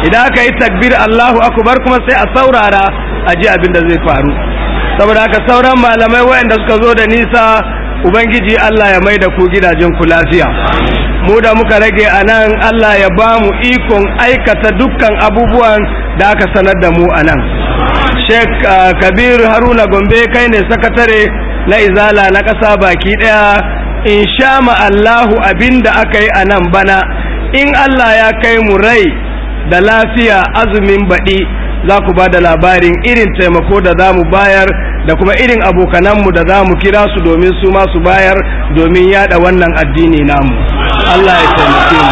idan aka yi takbir Allahu akbar kuma sai a saurara a ji abin da zai faru saboda haka sauran malamai waɗanda suka zo da nisa ubangiji Allah ya mai da ku gidajen ku lafiya mu da muka rage a nan Allah ya ba mu ikon aikata dukkan abubuwan da aka sanar da mu anan nan Sheikh ah, Kabir Haruna Gombe kai ne sakatare na izala na ƙasa baki ɗaya in sha Allahu abin da aka yi a nan bana in Allah ya kai mu rai da lafiya azumin baɗi za ku ba da labarin irin taimako da za mu bayar da kuma irin abokananmu da za mu kira su domin su masu bayar domin yada wannan addini namu Allah ya taimake mu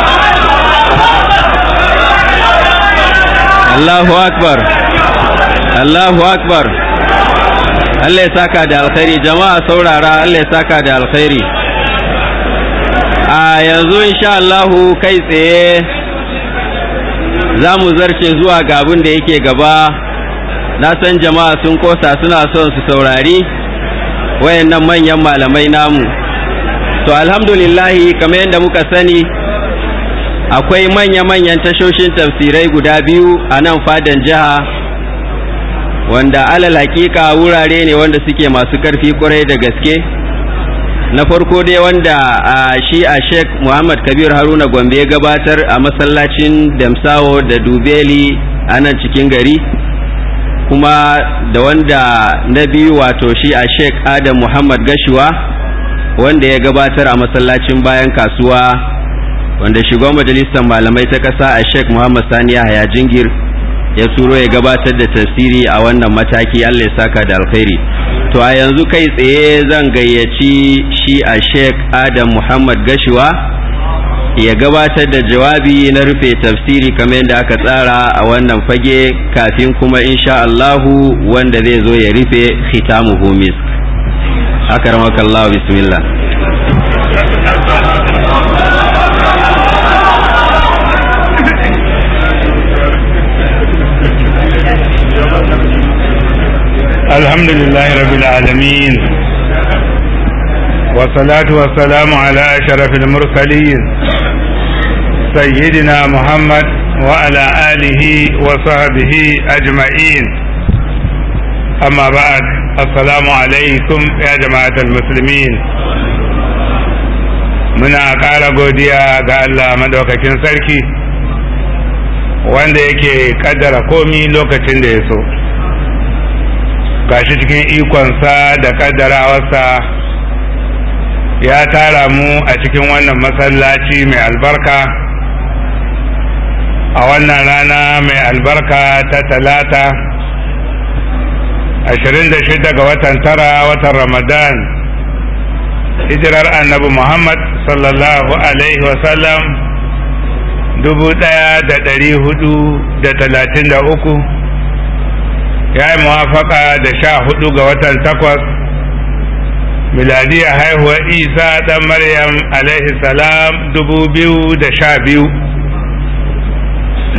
Allahu akbar Allahu akbar Allah ya saka da alkhairi jama'a saurara Allah ya saka da alkhairi a yanzu insha Allahu kai tsaye za mu zarce zuwa ga abin da yake gaba na san jama'a sun kosa suna son su saurari wayannan manyan malamai namu to alhamdulillahi kamar yadda muka sani akwai manya-manyan tashoshin tafsirai guda biyu a nan fadan jiha wanda alal hakika wurare ne wanda suke masu karfi kwarai da gaske na farko dai wanda shi a sheikh muhammad kabir haruna gombe ya gabatar a masallacin damsawo da dubeli a nan cikin gari kuma da wanda na biyu wato shi a sheikh adam muhammad gashuwa wanda ya gabatar a masallacin bayan kasuwa wanda shigo majalisar malamai ta ƙasa a sheikh muhammad Saniya yahaya jingir ya suro ya gabatar da tasiri a wannan mataki Allah ya saka da alkhairi to a yanzu kai tsaye zan gayyaci shi a Sheikh Adam Muhammad Gashiwa ya gabatar da jawabi na rufe tafsiri kamar yadda aka tsara a wannan fage kafin kuma insha Allahu wanda zai zo ya rufe khitamu humis akaramakallahu bismillah الحمد لله رب العالمين والصلاة والسلام على أشرف المرسلين سيدنا محمد وعلى آله وصحبه أجمعين أما بعد السلام عليكم يا جماعة المسلمين muna ƙara godiya ga Allah madaukakin sarki wanda yake kaddara komi lokacin da ya so gashi cikin ikonsa da kaddarawarsa ya tara mu a cikin wannan masallaci mai albarka a wannan rana mai albarka ta talata 26 ga watan tara watan ramadan hijirar annabi muhammad sallallahu alaihi wasallam uku. ya yi muwafaka da sha hudu ga watan takwas miladiya haihuwar isa ɗan maryam alaihi salam dubu biyu da sha biyu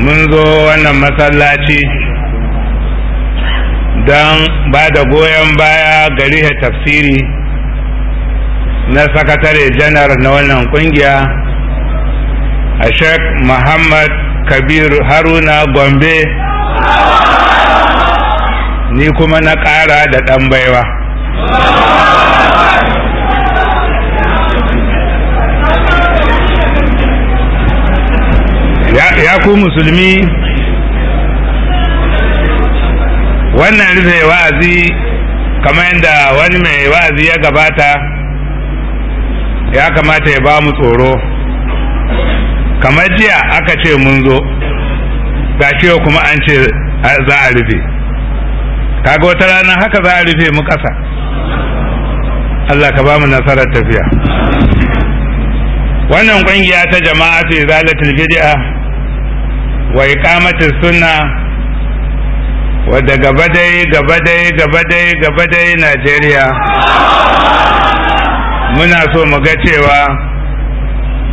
mun zo wannan masallaci don ba da goyon baya gari tafsiri na sakatare janar na wannan kungiya a shek muhammad kabir haruna gombe ni kuma na ƙara da ɗan baiwa ya ku musulmi wannan rufe wa'azi kamar yadda wani mai wa'azi ya gabata ya kamata ya ba mu tsoro kamar jiya aka ce mun zo gashi kuma an ce za a rufe kaga wata rana haka za a rufe mu ƙasa Allah ka ba mu nasarar tafiya wannan ƙungiya ta jama'a ce zalatul bid'a wa iqamatis sunna wa daga badai gaba dai gaba dai gaba dai Najeriya muna so mu ga cewa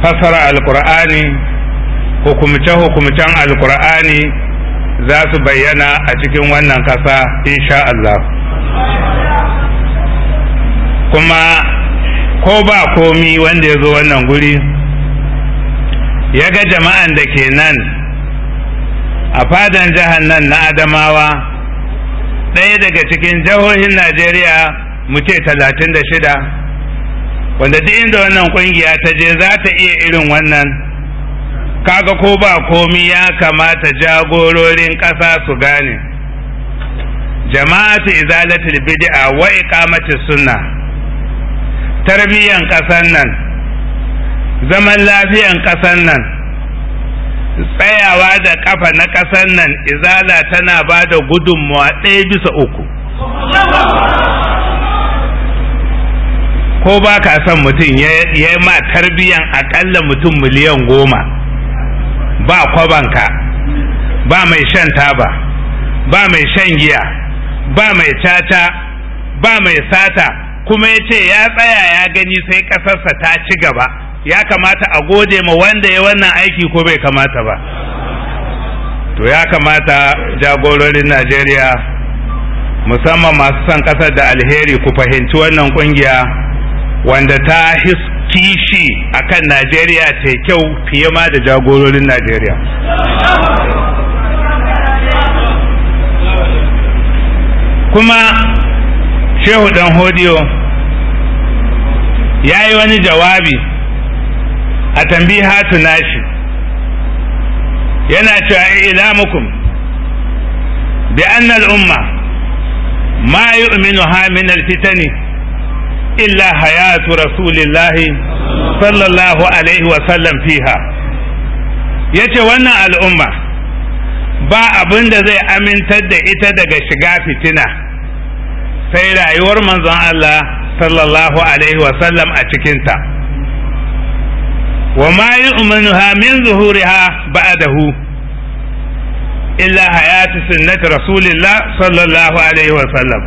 fasara alqur'ani hukumce hukumcen alqur'ani za su bayyana a cikin wannan kasa insha Allah kuma ko ba komi wanda ya zo wannan guri ya ga jama'an da ke nan a fadan jihar nan na adamawa ɗaya daga cikin jihohin najeriya mu ce talatin da shida wanda duk inda wannan ƙungiya ta je za ta iya irin wannan kaga ko ba komi ya kamata jagororin ƙasa su gane jama'atu izalatul bid'a wa iqamati sunna tarbiyan ƙasan nan zaman lafiyan ƙasan nan tsayawa da ƙafa na ƙasan nan izala tana ba da gudunmuwa ɗaya bisa uku ko ba ka san mutum ya ma tarbiyan aƙalla mutum miliyan goma ba kwabanka ba mai shan taba ba mai shan giya ba mai tata ba mai sata kuma ya ce ya tsaya ya gani sai ƙasarsa ta ci gaba ya kamata a gode ma wanda ya wannan aiki ko bai kamata ba to ya kamata jagororin najeriya musamman masu son ƙasar da alheri ku fahimci wannan ƙungiya wanda ta hisko kishi a kan najeriya ta kyau fiye ma da jagororin najeriya kuma shehu dan hodiyo ya yi wani jawabi a tambihatu nashi yana cewa eh, ila mukum bi anna umma ma ha min al illa hayatu rasulillahi sallallahu alaihi wasallam fiha ya ce wannan al'umma ba abin da zai amintar da ita daga shiga fitina sai rayuwar manzon Allah sallallahu alaihi wasallam a cikinta wa ma yi yu'minuha min zuhuriha dahu? illa hayatu sunnati rasulillah sallallahu alaihi wasallam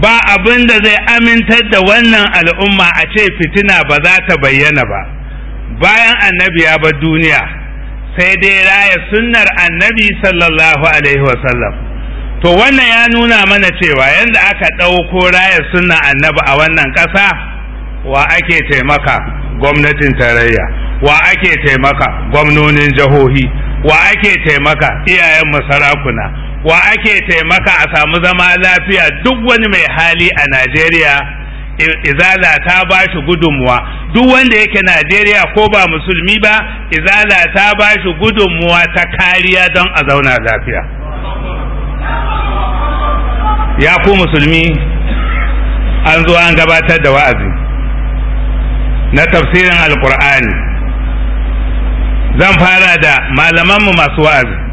ba abin da zai amintar da wannan al'umma a ce fitina ba za ta bayyana ba bayan annabi ya bar duniya sai dai raya sunnar annabi sallallahu alaihi wasallam to wannan ya nuna mana cewa yadda aka ɗauko raya sunnar annabi a wannan ƙasa wa ake taimaka gwamnatin tarayya wa ake taimaka gwamnonin jihohi wa ake taimaka iyayen masarakuna wa ake taimaka a samu zama lafiya duk wani mai hali a najeriya izala ta ba shi gudunmuwa duk wanda yake najeriya ko ba musulmi ba izala ta ba shi gudunmuwa ta kariya don a zauna lafiya ya ku musulmi an zo an gabatar da wa'azi na tafsirin alkur'ani zan fara da malamanmu masu wa'azi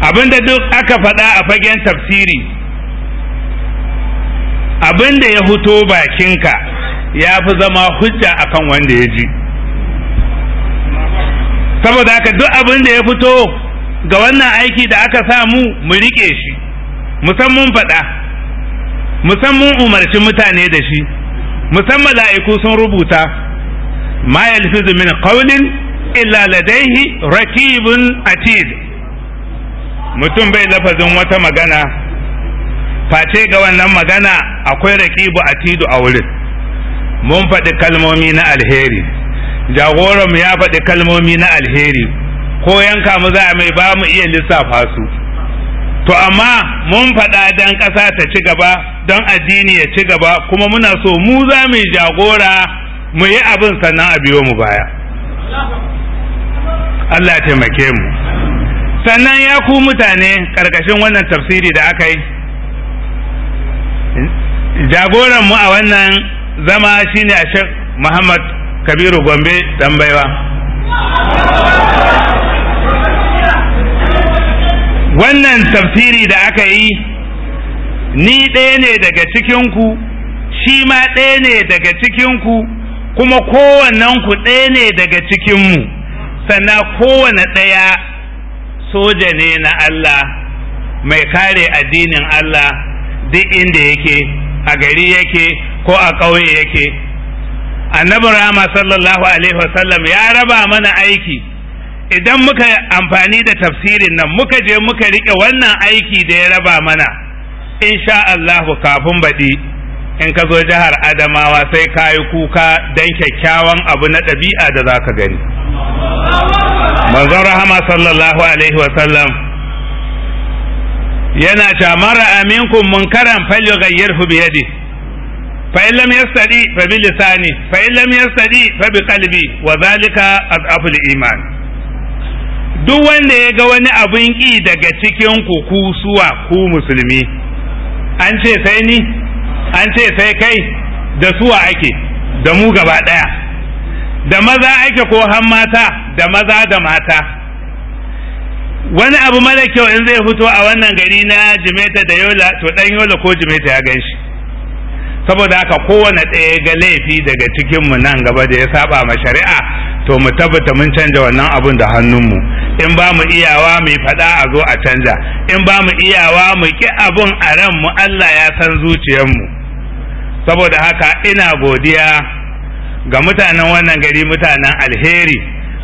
abinda duk aka faɗa a fagen tafsiri abinda ya huto bakinka ya fi zama hujja akan wanda ya ji saboda haka duk abin da ya fito ga wannan aiki da aka sa mu mu rike shi musamman faɗa musamman umarci mutane da shi musamman la'iku sun rubuta ma yalfizu min qawlin illa ladaihi rakibun atid mutum bai lafazin wata magana face ga wannan magana akwai raƙibu a tidu a wurin mun faɗi kalmomi na alheri jagoranmu ya faɗi kalmomi na alheri ko yanka mu za mai ba mu iya lissafa su to amma mun faɗa don ƙasa ta ci gaba don addini ya ci gaba kuma muna so mu za mu yi jagora mu yi abin sannan a biyo mu baya Allah ya taimake mu sannan ya ku mutane karkashin wannan tafsiri da aka yi jagoran mu a wannan zama shine a shek muhammad kabiru gombe tambaiwa wannan tafsiri da aka yi ni ɗaya ne daga cikinku shi ma ɗaya ne daga cikinku kuma kowannenku ɗaya ne daga cikinmu sannan kowane ɗaya soja ne na Allah mai kare addinin Allah duk inda yake a gari yake ko a ƙauye yake annabi rama sallallahu alaihi wasallam ya raba mana aiki idan muka amfani da tafsirin nan muka je muka riƙe wannan aiki da ya raba mana insha Allahu kafin baɗi in ka zo jihar adamawa sai ka yi kuka don kyakkyawan abu na ɗabi'a da za ka gani manzon rahama sallallahu alaihi wasallam yana ta mara aminkum munkaran falyughayyirhu bi yadi fa in lam yastadi fa bi lisani fa in lam yastadi fa bi qalbi wa dhalika adhafu iman duk wanda ya ga wani abun ki daga cikin ku suwa ku musulmi an ce sai ni an ce sai kai da suwa ake da mu gaba daya da maza ake ko han mata da maza da mata wani abu mara kyau in zai fito a wannan gari na jimeta da yola to dan yola ko jimeta ya gan shi saboda haka kowane ɗaya ga laifi daga cikinmu nan gaba da ya saba ma shari'a to mu tabbata mun canja wannan abun da hannunmu in ba mu iyawa mu faɗa a zo a canja in ba mu iyawa mu ki abun a ranmu Allah ya san zuciyarmu saboda haka ina godiya ga mutanen wannan gari mutanen alheri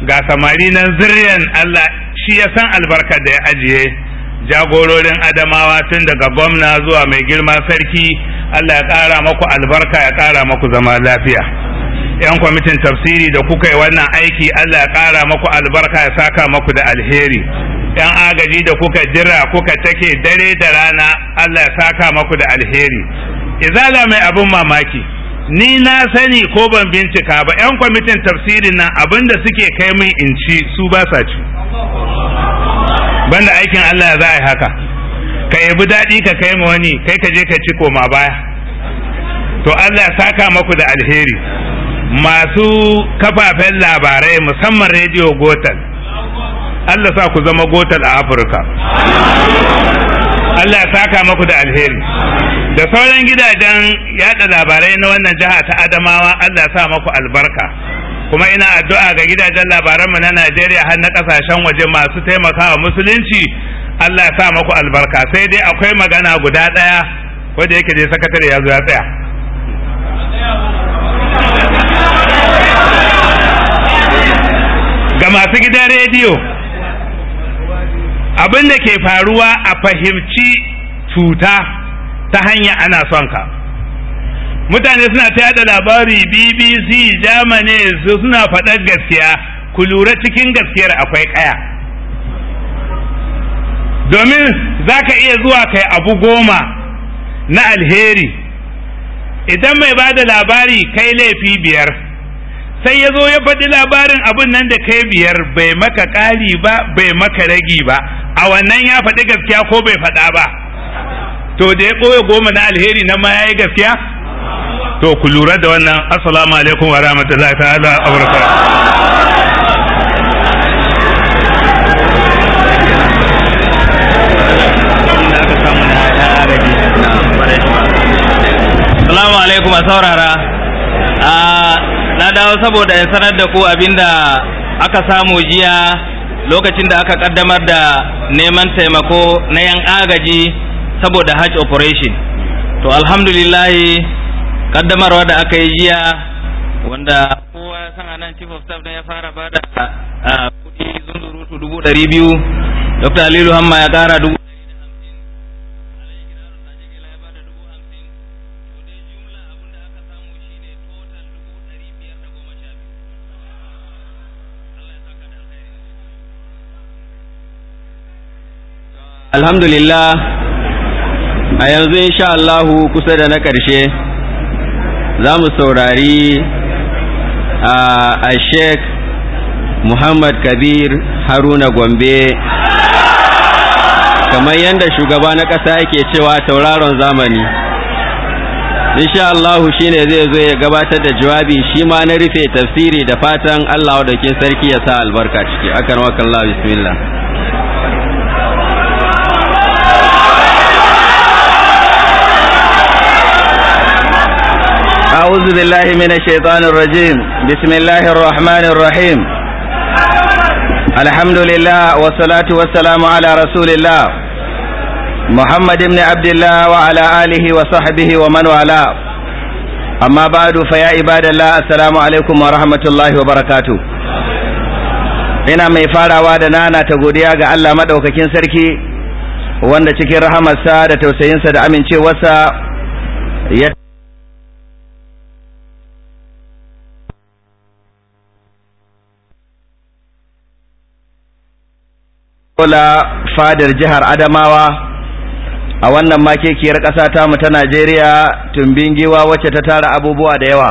ga samari nan ziryan Allah shi ya san albarkar da ya ajiye jagororin adamawa tun daga gwamna zuwa mai girma sarki Allah ya ƙara maku albarka ya ƙara maku zama lafiya yan kwamitin tafsiri da kuka yi wannan aiki Allah ya ƙara maku albarka ya saka maku da alheri yan agaji da kuka jira kuka take dare da rana Allah ya saka maku da alheri izala mai abin mamaki ni na sani ko ban bincika ba yan kwamitin tafsirin nan abinda suke kai min in ci su ba sa ci banda aikin Allah za a yi haka ka yabi daɗi ka kai ma wani kai ka je ka ci koma baya to Allah ya saka maku da alheri masu kafafen labarai musamman rediyo gotal Allah sa ku zama gotal a Afirka Allah ya saka maku da alheri da sauran gidajen yada labarai na wannan jiha ta Adamawa Allah ya sa maku albarka kuma ina addu'a ga gidajen labaran mu na Najeriya har na kasashen waje masu taimakawa musulunci Allah ya sa maku albarka sai dai akwai magana guda ɗaya wanda yake dai sakatare ya zo ya tsaya ga masu gidan rediyo abin da ke faruwa a fahimci cuta ta hanya ana son ka mutane suna ta da labari bbc germany suna faɗar gaskiya ku lura cikin gaskiyar akwai kaya domin za ka iya zuwa kai abu goma na alheri idan mai ba da labari kai laifi biyar sai ya zo ya faɗi labarin abin nan da kai biyar bai maka ƙari ba bai maka ragi ba a wannan ya faɗi gaskiya ko bai faɗa ba to da ya ɓoye goma na alheri na ma ya yi gaskiya to ku lura da wannan assalamu alaikum wa rahmatullahi ta'ala wa barakatuh Assalamu alaikum a saurara. Ah, na dawo saboda in sanar da ku abinda aka samu jiya lokacin da aka kaddamar da neman taimako na yan agaji saboda hajj operation to lillahi kaddamarwa da aka yi jiya wanda kowa ya san anan chief of staff ya fara bada ah, kudi zunzurutu dubu dari biyu dr Aliyu hamma ya kara dubu alhamdulillah a yanzu insha Allahu kusa da na ƙarshe za mu saurari a sheikh Muhammad Kabir Haruna Gombe kamar yadda shugaba na ƙasa yake cewa tauraron zamani insha Allahu shine zai zo ya gabatar da jawabi shi ma na rufe tafsiri da fatan Allah da sarki ya sa albarka ciki akan wakan Allah bismillah أعوذ بالله من الشيطان الرجيم بسم الله الرحمن الرحيم الحمد لله والصلاة والسلام على رسول الله محمد بن عبد الله وعلى آله وصحبه ومن والاه أما بعد فيا عباد الله السلام عليكم ورحمة الله وبركاته ina mai farawa da nana ta godiya ga Allah madaukakin sarki wanda cikin rahamarsa da tausayinsa da amincewarsa ya kula fadar jihar Adamawa a wannan makekiyar ƙasa mu ta Najeriya tumbin giwa wacce ta tara abubuwa da yawa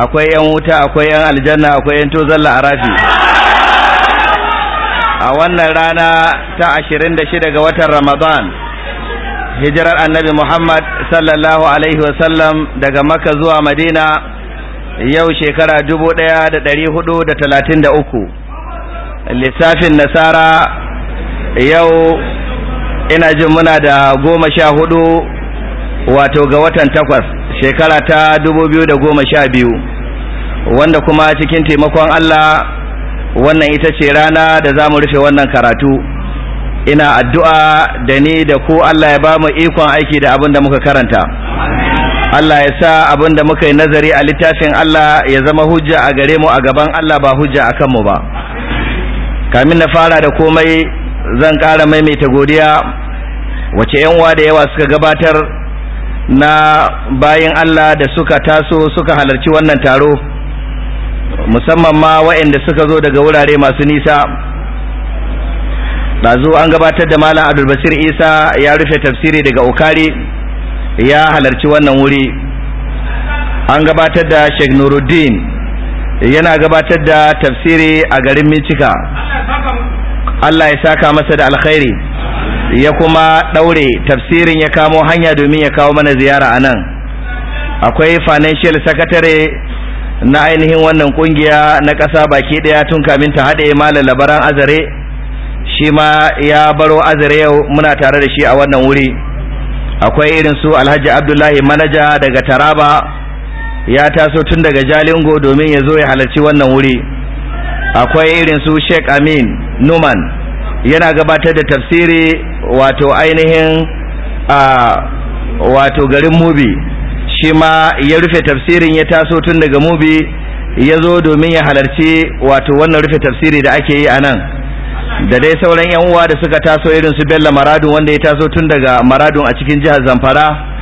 akwai yan wuta akwai yan aljanna akwai yan tozalla a rafi a wannan rana ta 26 ga watan Ramadan hijirar annabi Muhammad sallallahu alaihi wasallam daga Makka zuwa Madina yau shekara 1433 lissafin nasara yau ina jin muna da goma sha hudu wato ga watan takwas shekara ta dubu biyu da goma sha biyu wanda kuma cikin taimakon Allah wannan ita ce rana da za mu rufe wannan karatu ina addu'a da ni da ku Allah ya ba mu ikon aiki da abin da muka karanta Allah ya sa abin da muka yi nazari a littafin Allah ya zama hujja a gare mu a gaban Allah ba hujja a kanmu ba kamin na fara da komai zan ƙara maimaita godiya wace yan uwa da yawa suka gabatar na bayin Allah da suka taso suka halarci wannan taro musamman ma waɗanda suka zo daga wurare masu nisa ɗazu an gabatar da malam abdulbasir isa ya rufe tafsiri daga okari ya halarci wannan wuri an gabatar da sheikh nuruddin yana gabatar da tafsiri a garin Mincika Allah ya saka masa da alkhairi ya kuma ɗaure tafsirin ya kamo hanya domin ya kawo mana ziyara a nan akwai financial secretary na ainihin wannan kungiya na ƙasa baki ɗaya tun kamin ta haɗe malam labaran azare shi ma ya baro azare yau muna tare da shi a wannan wuri akwai irin su alhaji abdullahi manaja daga taraba ya taso tun daga jalingo domin ya zo ya halarci wannan wuri akwai irin su sheikh amin numan yana gabatar da tafsiri wato ainihin a wato garin mubi shi ma ya rufe tafsirin ya taso tun daga mubi ya zo domin ya halarci wato wannan rufe tafsiri da ake yi a nan da dai sauran yan uwa da suka taso irin su Bello Maradun wanda ya taso tun daga Maradun a cikin jihar Zamfara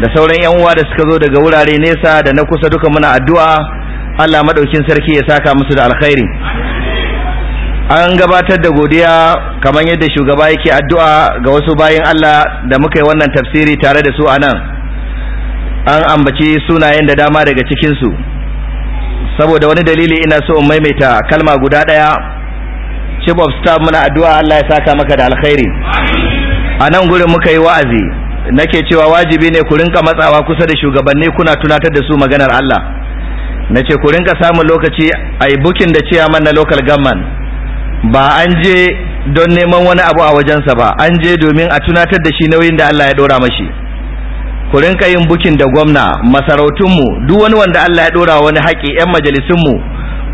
da sauran yan uwa da suka zo daga wurare nesa da na kusa duka muna addu'a Allah madaukin sarki ya saka musu da alkhairi an gabatar da godiya kamar yadda shugaba yake addu'a ga wasu bayin Allah da muka yi wannan tafsiri tare da su a nan an ambaci sunayen da dama daga cikin su saboda wani dalili ina so in maimaita kalma guda ɗaya chief of staff muna addu'a Allah ya saka maka da alkhairi a nan gurin muka yi wa'azi nake cewa wajibi ne ku rinka matsawa kusa da shugabanni kuna tunatar da su maganar Allah nace ku rinka samun lokaci ai bukin da ciyaman na local government ba an je don neman wani abu a wajensa ba an je domin a tunatar da shi nauyin da Allah ya dora mashi ku rinka yin bukin da gwamna masarautunmu duk wani wanda Allah ya dora wani haƙi 'yan majalisunmu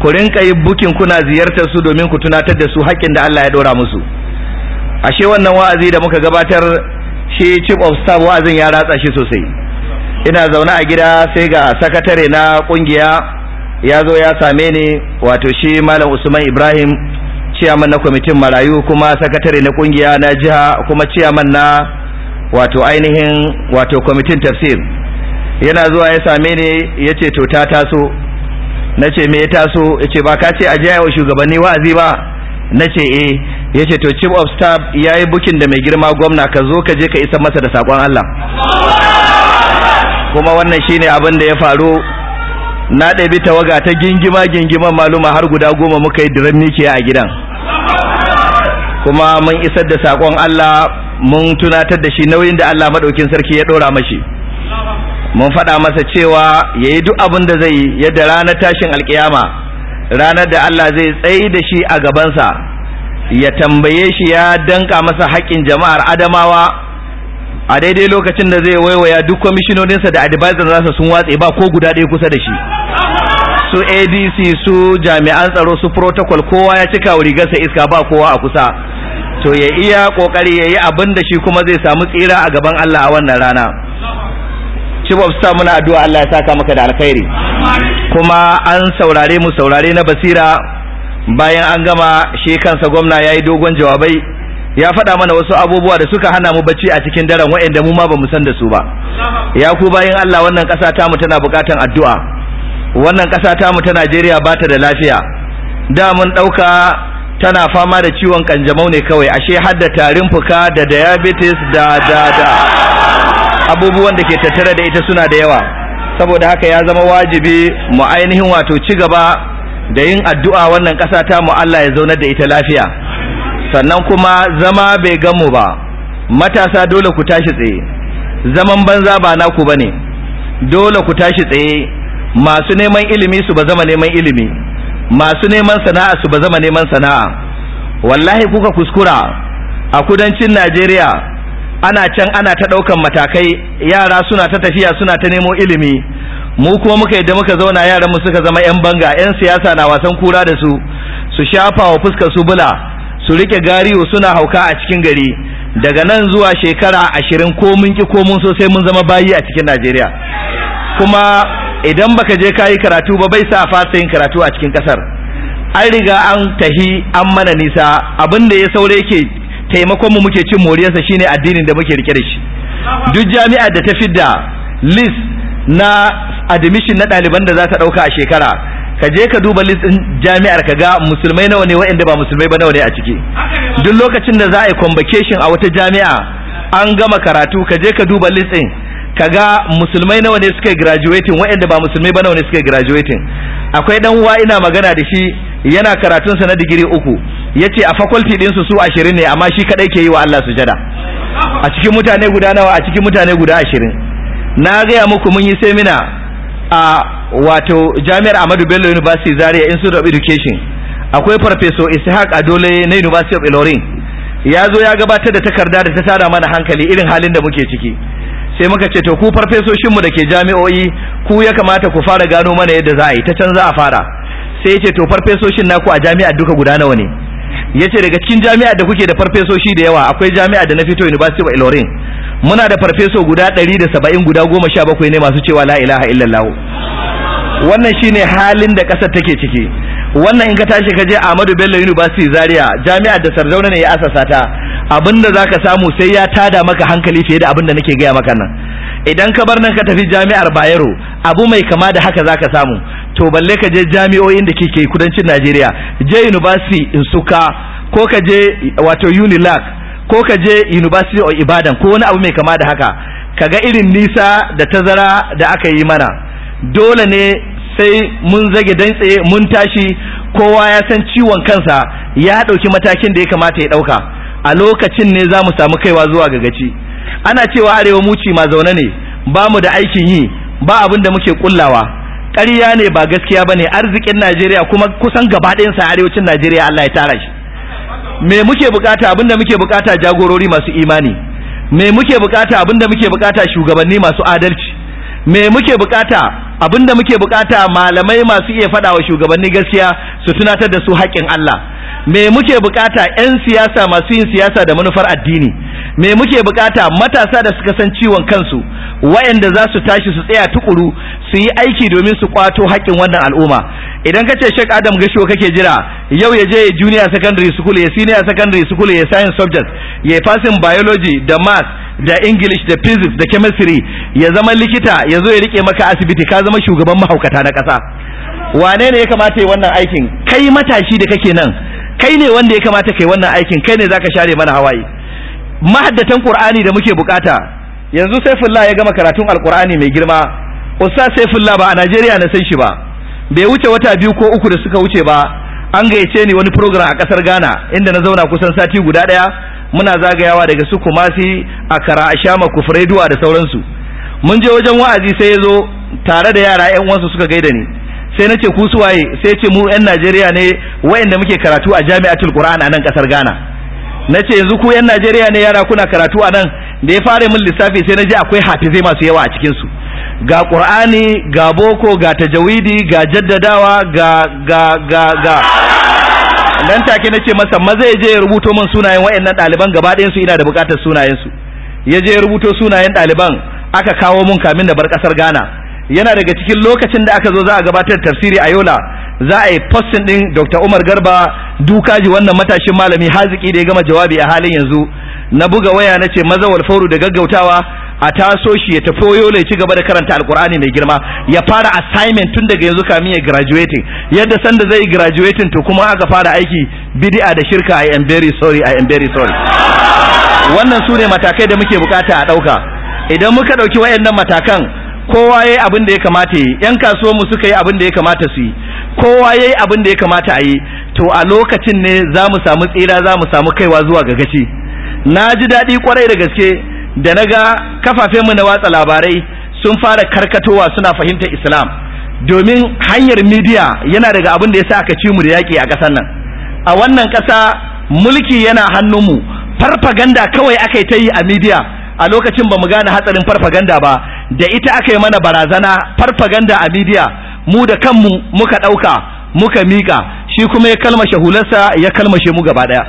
ku rinka yin bukin kuna ziyartar su domin ku tunatar da su haƙƙin da Allah ya dora musu ashe wannan wa'azi da muka gabatar shi chief of staff wa'azin ya ratsa shi sosai ina zaune a gida sai ga sakatare na kungiya ya zo ya same ni wato shi malam usman ibrahim ciyaman na kwamitin marayu kuma sakatare na kungiya na jiha kuma ciyaman na wato ainihin wato kwamitin tafsir yana zuwa ya same ni ya ce to ta taso na ce me ya taso ya ce ba ka ce a jiya wa shugabanni wa'azi ba na ce eh ya ce to chief of staff ya yi bukin da mai girma gwamna ka zo ka je ka isa masa da saƙon Allah kuma wannan shine abin da ya faru na ɗabi tawaga ta gingima gingiman maluma har guda goma muka yi diran a gidan kuma mun isar da saƙon Allah mun tunatar da shi nauyin da Allah maɗaukin sarki ya ɗora mashi mun faɗa masa cewa ya yi duk abin da zai yi yadda ranar tashin alkiyama ranar da Allah zai tsayi da shi a gabansa ya tambaye shi ya danka masa haƙƙin jama'ar adamawa a daidai lokacin da zai waiwaya duk kwamishinoninsa da advisor nasa sun watse ba ko guda ɗaya kusa da shi su adc su jami'an tsaro su protocol kowa ya cika rigarsa iska ba kowa a kusa to ya iya kokari ya yi abin da shi kuma zai samu tsira a gaban allah a wannan rana chief of muna addu'a allah ya saka maka da alkhairi kuma an saurare mu saurare na basira bayan an gama shi kansa gwamna ya yi dogon jawabai ya faɗa mana wasu abubuwa da suka hana mu bacci a cikin daren waɗanda mu ma ba mu san da su ba ya ku bayan Allah wannan ƙasa mu tana buƙatan addu'a wannan ƙasa mu ta Najeriya ba ta da lafiya da mun ɗauka tana fama da ciwon kanjamau ne kawai ashe har da tarin fuka da diabetes da da da abubuwan da ke tattare da ita suna da yawa saboda haka ya zama wajibi mu ainihin wato ci gaba da yin addu'a wannan ƙasa ta mu Allah ya zaunar da ita lafiya sannan kuma zama bai gamu ba matasa dole ku tashi tsaye zaman banza ba naku ba ne dole ku tashi tsaye masu neman ilimi su ba zama neman ilimi masu neman sana'a su ba zama neman sana'a wallahi kuka kuskura a kudancin Najeriya ana can ana ta ɗaukan matakai yara suna ta tafiya suna ta nemo ilimi mu kuma muka yadda muka zauna yaran mu suka zama yan banga yan siyasa na wasan kura da su su shafa wa fuskar su bula su rike gariyo suna hauka a cikin gari daga nan zuwa shekara ashirin ko mun ki ko mun so sai mun zama bayi a cikin Najeriya kuma idan baka je kayi karatu ba bai sa fasa yin karatu a cikin kasar an riga an tahi an mana nisa abin da ya saure yake taimakon mu muke cin moriyarsa shine addinin da muke rike da shi duk jami'ar da ta fidda list na admission na ɗaliban da za ta ɗauka a shekara ka je ka duba list ɗin jami'ar ka ga musulmai nawa ne waɗanda ba musulmai ba nawa ne a ciki duk lokacin da za a yi convocation a wata jami'a an gama karatu ka je ka duba list ɗin ka ga musulmai nawa ne suka yi graduating waɗanda ba musulmai ba nawa ne suka yi graduating akwai dan uwa ina magana da shi yana karatun sa na digiri uku yace a faculty din su su ashirin ne amma shi kadai ke yi wa Allah sujada a cikin mutane guda nawa a cikin mutane guda ashirin na gaya muku mun yi seminar a wato jami'ar Ahmadu Bello University Zaria Institute of Education akwai farfeso Ishaq Adole na University of Ilorin ya zo ya gabatar da takarda da ta tada mana hankali irin halin da muke ciki sai muka ce to ku farfesoshinmu da ke jami'o'i ku ya kamata ku fara gano mana yadda za a yi ta can za a fara sai ya ce to farfesoshin naku a jami'a duka guda nawa ne ya ce daga cikin jami'a da kuke da farfesoshi da yawa akwai jami'a da na fito university of ilorin muna da farfeso guda ɗari da saba'in guda goma sha bakwai ne masu cewa la ilaha illallah wannan shine halin da ƙasar take ciki wannan in ka tashi ka je Ahmadu Bello University Zaria jami'ar da Sardauna ne ya asasa ta abinda zaka samu sai ya tada maka hankali fiye da abin da nake gaya maka nan idan ka bar nan ka tafi jami'ar Bayero abu mai kama da haka zaka samu to balle ka je jami'o'in da kike kudancin Najeriya je University Nsukka ko ka je wato Unilag ko ka je university of ibadan ko wani abu mai kama da haka kaga irin nisa da tazara da aka yi mana dole ne sai mun zage dantse mun tashi kowa ya san ciwon kansa ya ɗauki matakin da ya kamata ya ɗauka a lokacin ne za mu samu kaiwa zuwa ga gaci ana cewa arewa muci ma zaune ne ba mu da aikin yi ba abin da muke kullawa ƙarya ne ba gaskiya ba ne arzikin najeriya kuma kusan gaba ɗayansa arewacin najeriya allah ya tara shi me muke bukata abinda muke bukata jagorori masu imani me muke bukata abinda muke bukata shugabanni masu adalci me muke bukata abinda muke bukata malamai masu iya faɗawa wa shugabanni gaskiya su tunatar da su haƙƙin Allah me muke bukata 'yan siyasa masu yin siyasa da manufar addini me muke bukata matasa da suka san ciwon kansu wayanda za su tashi su tsaya tukuru su yi aiki domin su kwato haƙƙin wannan al'umma idan ka ce Sheikh Adam Gasho kake jira yau ya je junior secondary school ya senior secondary school ya science subject ya passing biology da math da english da physics da chemistry ya zama likita ya zo ya rike maka asibiti ka zama shugaban mahaukata na ƙasa wane ne ya kamata yi wannan aikin kai matashi da kake nan kai ne wanda ya kamata kai wannan aikin kai ne zaka share mana hawaye mahaddatan qur'ani da muke bukata yanzu saifullah ya gama karatun alqur'ani mai girma ustaz saifullah ba a najeriya na san shi ba bai wuce wata biyu ko uku da suka wuce ba an gayyace ni wani program a kasar Ghana inda na zauna kusan sati guda daya muna zagayawa daga su kumasi a kara a shama kufurai duwa da sauransu mun je wajen wa'azi sai ya zo tare da yara yan uwansu suka gaida ni sai nace ku su waye sai ce mu yan Najeriya ne wayanda muke karatu a Jami'atul Qur'an a nan kasar Ghana nace yanzu ku yan Najeriya ne yara kuna karatu a nan da ya fara min lissafi sai na ji akwai hafizai masu yawa a cikin su ga Qur'ani ga boko ga tajawidi ga jaddadawa ga ga ga ga dan take nace masa maza je ya rubuto min sunayen wayannan ɗaliban gaba ɗayan su ina da buƙatar sunayen su ya je ya rubuto sunayen ɗaliban aka kawo mun kamin da bar kasar Ghana yana daga cikin lokacin da aka zo za a gabatar tafsiri a Yola za a yi posting din Dr. Umar Garba dukaji wannan matashin malami haziki da ya gama jawabi a halin yanzu na buga waya nace maza wal da gaggautawa a taso shi ya tafi yau ya ci gaba da karanta alkur'ani mai girma ya fara assignment tun daga yanzu kamin ya graduating yadda sanda zai graduating to kuma aka fara aiki bid'a da shirka i am very sorry i am very sorry wannan su ne matakai da muke bukata a dauka idan muka dauki wayannan matakan kowa yayi abin da ya kamata yi yan mu suka yi abin da ya kamata su yi kowa yayi abin da ya kamata a yi to a lokacin ne za mu samu tsira za mu samu kaiwa zuwa ga gashi na ji daɗi kwarai da gaske da na ga mu na watsa labarai sun fara karkatowa suna fahimtar islam domin hanyar midiya yana daga abin da ya sa aka ci mu da yaƙi a ƙasar nan a wannan ƙasa mulki yana hannunmu farfaganda kawai aka ta yi a midiya a lokacin ba mu gane hatsarin farfaganda ba da ita aka yi mana barazana farfaganda a midiya mu da kanmu muka ɗauka muka miƙa shi kuma ya kalmashe hularsa ya kalmashe mu gaba ɗaya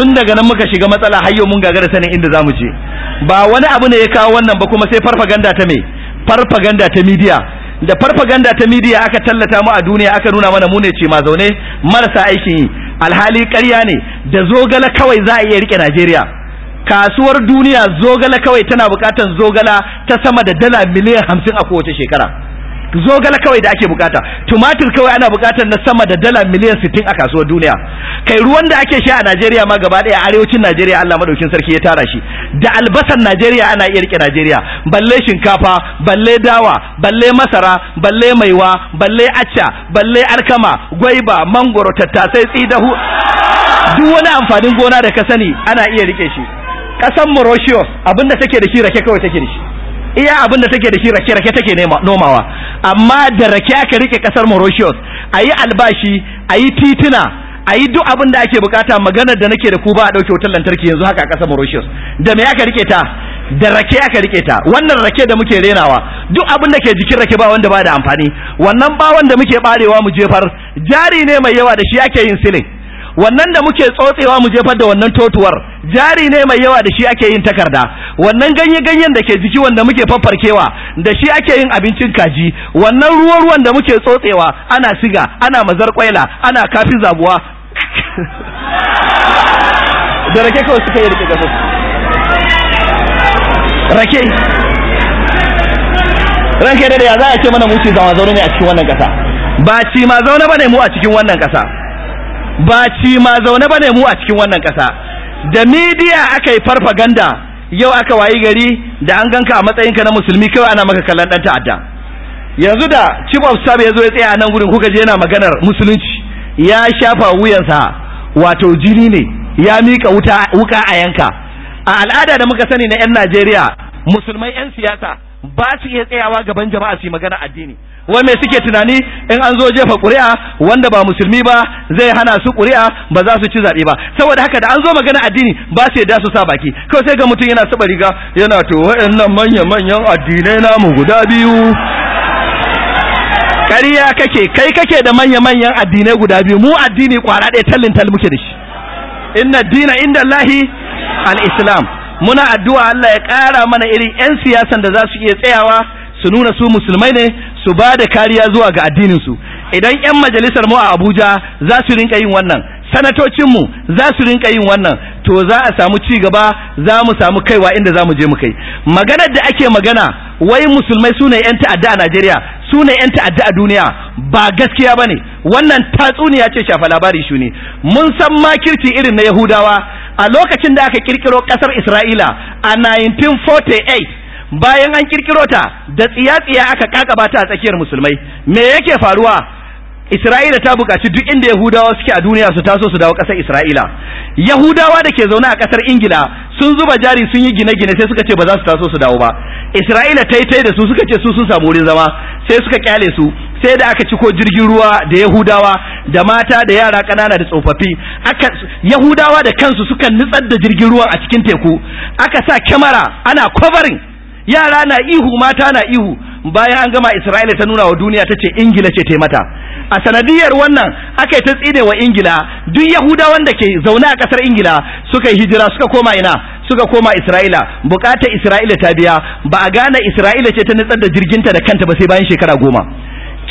tun daga nan muka shiga matsala har yau mun gagara sanin inda mu je ba wani abu ne ya kawo wannan ba kuma sai farfaganda ta me farfaganda ta media da farfaganda ta media aka tallata mu a duniya aka nuna mana mu ne ce ma zaune marasa aikin yi alhali ƙarya ne da zogala kawai za a iya rike Najeriya kasuwar duniya zogala kawai tana buƙatar zogala ta sama da dala miliyan hamsin a kowace shekara zogale kawai da ake bukata tumatir kawai ana bukatar na sama da dala miliyan 60 a kasuwar duniya kai ruwan da ake sha a Najeriya ma gaba daya arewacin Najeriya Allah madaukin sarki ya tara shi da albasan Najeriya ana iya rike Najeriya balle shinkafa balle dawa balle masara balle maiwa balle acca balle alkama gwaiba mangoro tattasai tsidahu duk wani amfanin gona da ka sani ana iya rike shi kasan Mauritius abinda take da shi rake kawai take da shi iya abin da take da shi rake rake take nomawa amma da rake aka rike kasar Mauritius a yi albashi a yi titina a yi duk abin da ake bukata maganar da nake da ku ba a ɗauke wutar lantarki yanzu haka a ƙasar Mauritius da me aka rike ta da rake aka rike ta wannan rake da muke renawa duk abin da ke jikin rake ba wanda ba da amfani wannan bawon da muke barewa mu jefar jari ne mai yawa da shi ake yin silin wannan da muke tsotsewa mu jefar da wannan totuwar jari ne mai yawa da shi ake yin takarda wannan ganye ganyen da ke jiki wanda muke faffarkewa da shi ake yin abincin kaji wannan ruwa ruwan da muke tsotsewa ana siga ana mazar kwaila ana kafi zabuwa da rake kawai suka yi rike gaso rake ranke da ya za a ce mana mu ci zama zaune ne a cikin wannan kasa ba ci ma zaune ba ne mu a cikin wannan kasa ba ci ma zaune ba ne mu a cikin wannan ƙasa da midiya aka yi farfaganda yau aka wayi gari da an ganka a matsayinka na musulmi kawai ana maka kallon ɗan ta'adda yanzu da chief of staff ya zo ya tsaya a nan gurin kuka je yana maganar musulunci ya shafa wuyansa wato jini ne ya miƙa wuta wuka a yanka a al'ada da muka sani na 'yan najeriya musulmai 'yan siyasa ba su iya tsayawa gaban jama'a su yi magana addini wai me suke tunani in an zo jefa ƙuri'a wanda ba musulmi ba zai hana su ƙuri'a ba za su ci zaɓe ba saboda haka da an zo magana addini ba sai da su sa baki kawai sai ga mutum yana saba riga yana to waɗannan manya manyan addinai namu guda biyu ƙariya kake kai kake da manya manyan addinai guda biyu mu addini ƙwara ɗaya tallin tal muke da shi inna dina inda lahi al muna addu'a Allah ya ƙara mana irin 'yan siyasan da za su iya tsayawa su nuna su musulmai ne su ba da kariya zuwa ga addininsu idan 'yan majalisar mu a abuja za su rinka yin wannan sanatocinmu za su rinka yin wannan to za a samu ci gaba za mu samu kaiwa inda za mu je mu kai maganar da ake magana wai musulmai su ne 'yan ta'adda a najeriya su ne 'yan ta'adda a duniya ba gaskiya ba ne wannan tatsuniya ce shafa labari shi ne mun san makirci irin na yahudawa a lokacin da aka kirkiro ƙasar isra'ila a 1948 bayan an kirkiro ta da tsiya-tsiya aka kakaba ta a tsakiyar musulmai me yake faruwa Isra'ila ta bukaci duk inda Yahudawa suke a duniya su taso su dawo ƙasar Isra'ila Yahudawa da ke zaune a ƙasar Ingila sun zuba jari sun yi gine-gine sai suka ce ba za su taso su dawo ba Isra'ila ta yi tai da su suka ce su sun samu wurin zama sai suka kyale su sai da aka ciko jirgin ruwa da yahudawa da mata da yara ƙanana da tsofaffi aka yahudawa da kansu suka nutsar da jirgin ruwa a cikin teku aka sa kyamara ana covering yara na ihu mata na ihu bayan an gama isra'ila ta nuna wa duniya ta ce ingila ce ta mata a sanadiyar wannan aka yi ta tsine wa ingila duk Yahuda wanda ke zaune a kasar ingila suka yi hijira suka koma ina suka koma isra'ila bukata isra'ila ta biya ba a gane isra'ila ce ta nutsar da jirginta da kanta ba sai bayan shekara goma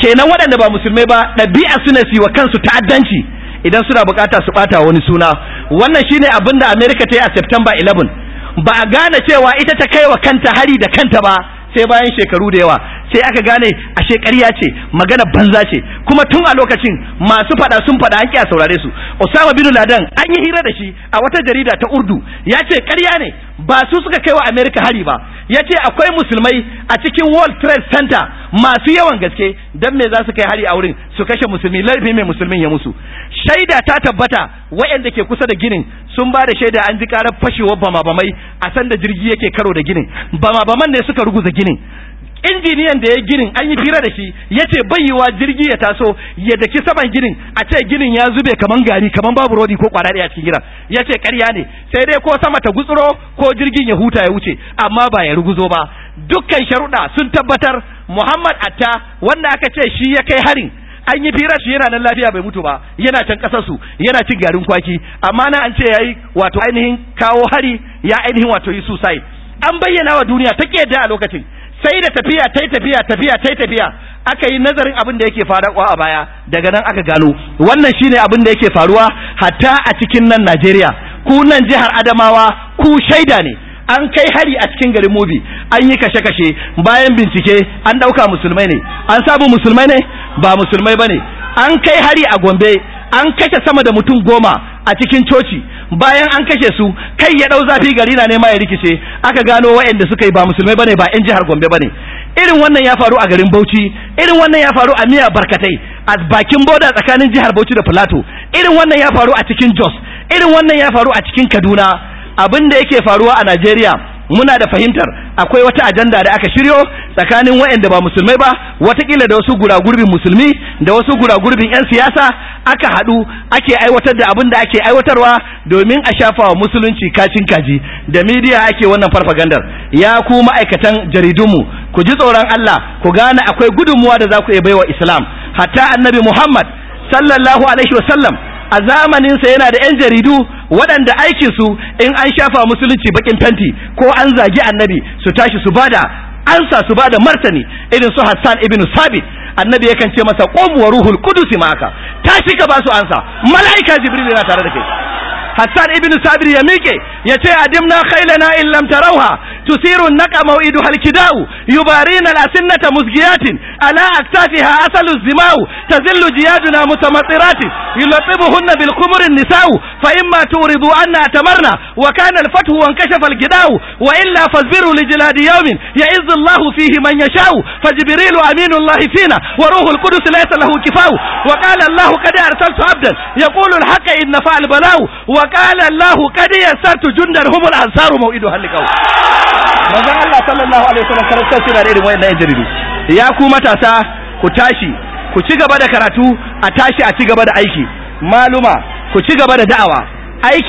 kenan waɗanda ba musulmai ba ɗabi'a su suna siwa kansu ta'addanci idan suna bukata su bata wani suna wannan shine abin da Amerika ta yi a september 11 ba a gane cewa ita ta kaiwa kanta hari da kanta ba sai bayan shekaru da yawa sai aka gane ashe ƙarya ce magana banza ce kuma tun a lokacin masu faɗa sun faɗa an kiya saurare su Osama bin Laden an yi hira da shi a wata jarida ta Urdu ya ce ƙarya ne ba su suka kai wa Amerika hari ba ya ce akwai musulmai a cikin World Trade Center masu yawan gaske don me za su kai hari a wurin su kashe musulmi laifi mai musulmin ya musu shaida ta tabbata wayanda ke kusa da ginin sun ba da shaida an ji karar fashewar bama bamai a sanda jirgi yake karo da ginin bama baman ne suka ruguza ginin injiniyan da ya ginin an yi fira da shi ya ce bayyawa jirgi ya taso ya daki saman ginin a ce ginin ya zube kaman gari kaman babu rodi ko kwara ya cikin gidan ya ce karya ne sai dai ko sama ta gutsuro ko jirgin ya huta ya wuce amma ba ya ruguzo ba dukkan sharuɗa sun tabbatar muhammad atta wanda aka ce shi ya kai harin an yi fira shi yana nan lafiya bai mutu ba yana can ƙasar su yana cin garin kwaki amma na an ce yi wato ainihin kawo hari ya ainihin wato yi suicide an bayyana wa duniya ta ƙeda a lokacin sai da tafiya tai tafiya tafiya tai tafiya aka yi nazarin abin da yake faruwa a baya daga nan aka gano wannan shine abin da yake faruwa hatta a cikin nan Najeriya ku nan jihar Adamawa ku shaida ne an kai hari a cikin garin Mubi an yi kashe-kashe bayan bincike an dauka musulmai ne an sabu musulmai ne ba musulmai bane an kai hari a Gombe an kashe sama da mutum goma a cikin coci bayan an kashe su kai ya dau zafi gari na nema ya rikice aka gano waɗanda suka yi ba musulmai bane ba yan jihar Gombe bane irin wannan ya faru a garin Bauchi irin wannan ya faru a Miya Barkatai a bakin boda tsakanin jihar Bauchi da Plateau irin wannan ya faru a cikin Jos irin wannan ya faru a cikin Kaduna abinda da yake faruwa a Najeriya muna da fahimtar akwai wata ajanda da aka shiryo tsakanin waɗanda ba musulmai ba watakila da wasu guragurbin musulmi da wasu guragurbin 'yan siyasa aka haɗu ake aiwatar da abin da ake aiwatarwa domin a shafa wa musulunci kacin kaji da midiya ake wannan farfagandar ya ku ma'aikatan jaridunmu ku ji tsoron Allah ku gane akwai gudunmuwa da za ku iya baiwa Islam hatta annabi Muhammad sallallahu alaihi wa sallam a zamaninsa yana da 'yan jaridu waɗanda aikinsu in an shafa musulunci bakin fenti ko an zagi annabi su tashi su bada ansa su bada martani irin su Hassan ibn Sabit annabi yakan ce masa qum ruhul qudus ma'aka tashi ka ba su ansa mala'ika jibril yana tare da kai حسان ابن سابر يميكي يتي أدمنا خيلنا إن لم تروها تثير النقى موئدها الكداء يبارين الأسنة مزجيات على أكتافها أصل الزماء تزل جيادنا متمطرات يلطبهن بالقمر النساء فإما تورض أن أتمرنا وكان الفتح وانكشف الكداء وإلا فازبروا لجلاد يوم يعز الله فيه من يشاء فجبريل أمين الله فينا وروح القدس ليس له كفاء وقال الله قد أرسلت عبدا يقول الحق إن فعل بلاو wa qala Allahu qad yasartu jundar humul ansaru mau'idu halikau manzon Allah sallallahu alaihi wasallam sai suna da irin wayannan jaridu ya ku matasa ku tashi ku ci gaba da karatu a tashi a ci gaba da aiki maluma ku ci gaba da da'awa aiki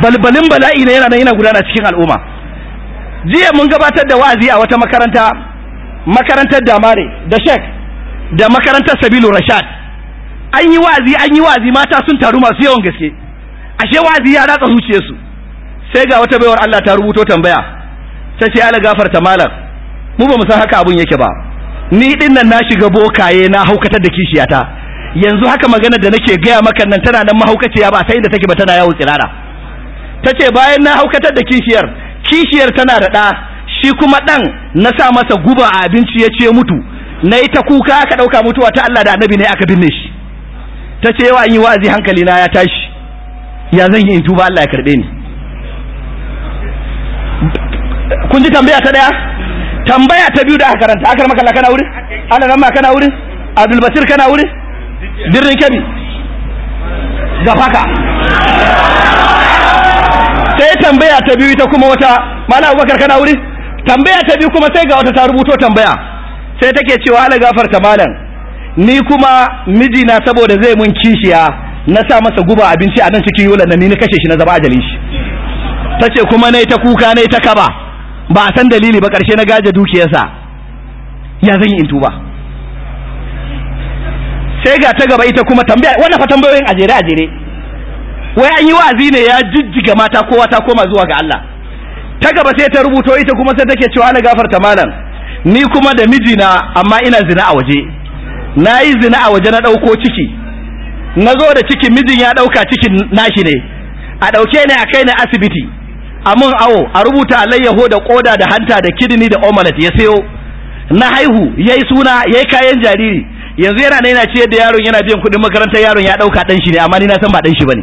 balbalin bala'i ne yana nan yana gudana cikin al'umma jiya mun gabatar da wa'azi a wata makaranta makarantar damare da shek da makarantar sabilu rashad an yi wa'azi an yi wa'azi mata sun taru masu yawan gaske ashe wa'azi ya ratsa zuciyarsu sai ga wata baiwar Allah ta rubuto tambaya ta ce ala gafarta malam mu ba mu san haka abun yake ba ni din nan na shiga bokaye na haukatar da kishiyata yanzu haka magana da nake gaya maka nan tana nan mahaukaciya ba sai da take ba tana yawo tsirara ta ce bayan na haukatar da kishiyar kishiyar tana da ɗa shi kuma ɗan na sa masa guba a abinci ya ce mutu na yi ta kuka aka ɗauka mutuwa ta Allah da annabi ne aka binne shi ta ce yawa yi wa'azi hankali na ya tashi ya zan yi in tuba Allah ya karɓe ni kun ji tambaya ta ɗaya tambaya ta biyu da aka karanta aka maka kana wurin ana nan ma kana wurin Abdul Basir kana wurin birnin Kebbi ga faka sai tambaya ta biyu ita kuma wata mala abubakar kana wuri tambaya ta biyu kuma sai ga wata ta rubuto tambaya sai take cewa ala gafarta malam ni kuma mijina saboda zai mun kishiya na sa masa guba abinci a nan cikin yola na ni na kashe shi na zama ajalin shi tace kuma nayi ta kuka nayi ta kaba ba a san dalili ba karshe na gaje dukiyarsa ya zan yi in tuba sai ga ta gaba ita kuma tambaya wannan fa tambayoyin ajere ajere wai an yi wa'azi ne ya jijjiga mata kowa ta koma zuwa ga Allah ta gaba sai ta rubuto ita kuma sai take cewa na gafarta malam ni kuma da mijina amma ina zina a waje na yi zina a waje na ɗauko ciki na zo da cikin mijin ya ɗauka cikin nashi ne a ɗauke ne a kai ne asibiti a mun awo a rubuta alayyaho da ƙoda da hanta da kidini da omelet ya sayo na haihu ya yi suna ya yi kayan jariri yanzu yana na yana ciyar da yaron yana biyan kuɗin makarantar yaron ya ɗauka ɗan shi ne amma ni na san ba ɗan shi ba ne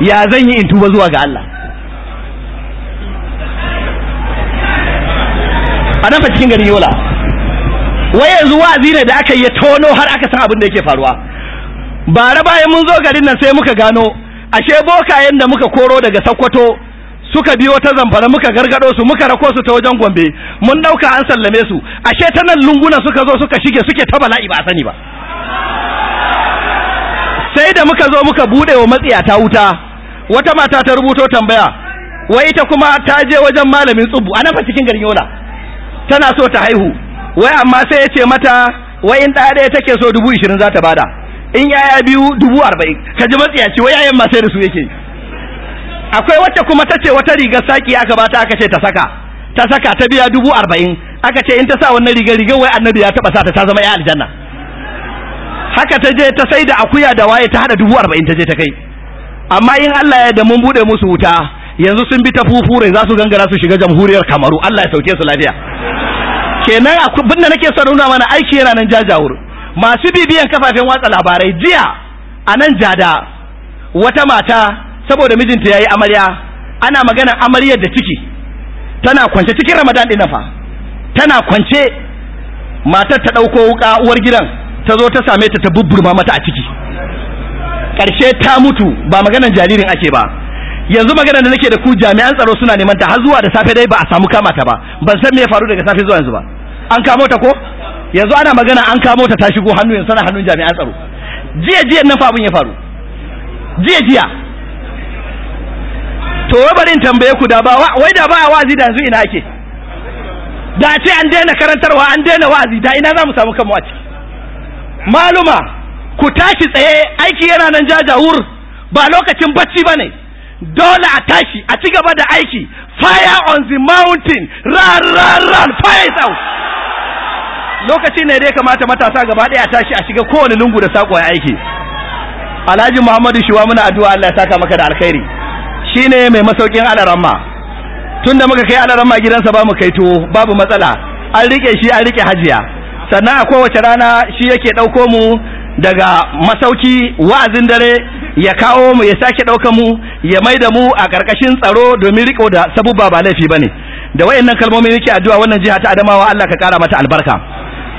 ya zan yi in tuba zuwa ga Allah a nan cikin garin yola wai yanzu wa'azi ne da aka yi tono har aka san abin da yake faruwa ba bara bayan mun zo garin nan sai muka gano ashe bokayen da muka koro daga sakkwato suka biyo ta zamfara muka gargado su muka rako su ta wajen gombe mun dauka an sallame su ashe ta nan lunguna suka zo suka shige suke ta bala'i ba a sani ba sai da muka zo muka bude wa matsiyata wuta wata mata ta rubuto tambaya wai ita kuma ta je wajen malamin tsubu a nafa cikin garin yola tana so ta haihu wai amma sai ya ce mata wai in ɗaya ɗaya take so dubu ishirin za ta bada in yaya biyu dubu arba'in ka ji matsiyaci wai yayan ma sai da su yake akwai wacce kuma ta ce wata rigar saki aka bata aka ce ta saka ta saka ta biya dubu arba'in aka ce in ta sa wannan rigar rigar wai annabi ya taɓa sa ta ta zama ya aljanna haka ta je ta sai da akuya da waye ta hada dubu arba'in ta je ta kai amma in Allah ya da mun bude musu wuta yanzu sun bi ta fufure za su gangara su shiga jamhuriyar Kamaru Allah ya sauke su lafiya kenan abin da nake son nuna mana aiki yana nan jajawur masu bibiyan kafafen watsa labarai jiya a nan jada wata mata saboda mijinta yayi amarya ana magana amaryar da ciki tana kwance cikin Ramadan din fa tana kwance matar ta dauko wuka uwar gidan ta zo ta same ta ta bubburma mata a ciki karshe ta mutu ba maganan jaririn ake ba yanzu maganan da nake da ku jami'an tsaro suna neman ta har zuwa da safe dai ba a samu kama ta ba ban san me ya faru daga safe zuwa yanzu ba an kamo ta ko yanzu ana magana an kamo ta ta shigo hannu yanzu tana hannun jami'an tsaro jiya jiya nan fa ya faru jiya jiya to wai bari in tambaye ku da ba wai da ba wazi da yanzu ina ake da ce an daina karantarwa an daina wa'azi da ina za mu samu kanmu a ciki maluma ku tashi tsaye aiki yana nan jajawur ba lokacin bacci ba ne dole a tashi a ci gaba da aiki fire on the mountain run run run fire is out lokaci ne dai kamata matasa gaba ɗaya a tashi a shiga kowane lungu da sakon aiki alhaji muhammadu shiwa muna addu'a allah ya saka maka da alkhairi shine mai masaukin alaramma tunda muka kai alaramma gidansa ba mu kai tuwo babu matsala an rike shi an rike hajiya sannan a kowace rana shi yake ɗauko mu daga masauki wa'azin dare ya kawo mu ya sake ɗauka mu ya mai da mu a ƙarƙashin tsaro domin riƙo da sabubba ba laifi ba ne da wayannan kalmomi nake addu'a wannan jiha ta adamawa Allah ka ƙara mata albarka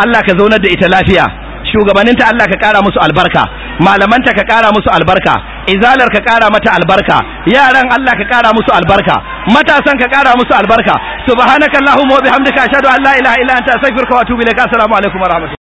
Allah ka zaunar da ita lafiya shugabanninta Allah ka ƙara musu albarka malamanta ka ƙara musu albarka izalar ka ƙara mata albarka yaran Allah ka ƙara musu albarka matasan ka ƙara musu albarka subhanakallahumma wa bihamdika ashhadu an la ilaha illa anta astaghfiruka wa atubu ilaik assalamu alaikum wa rahmatullahi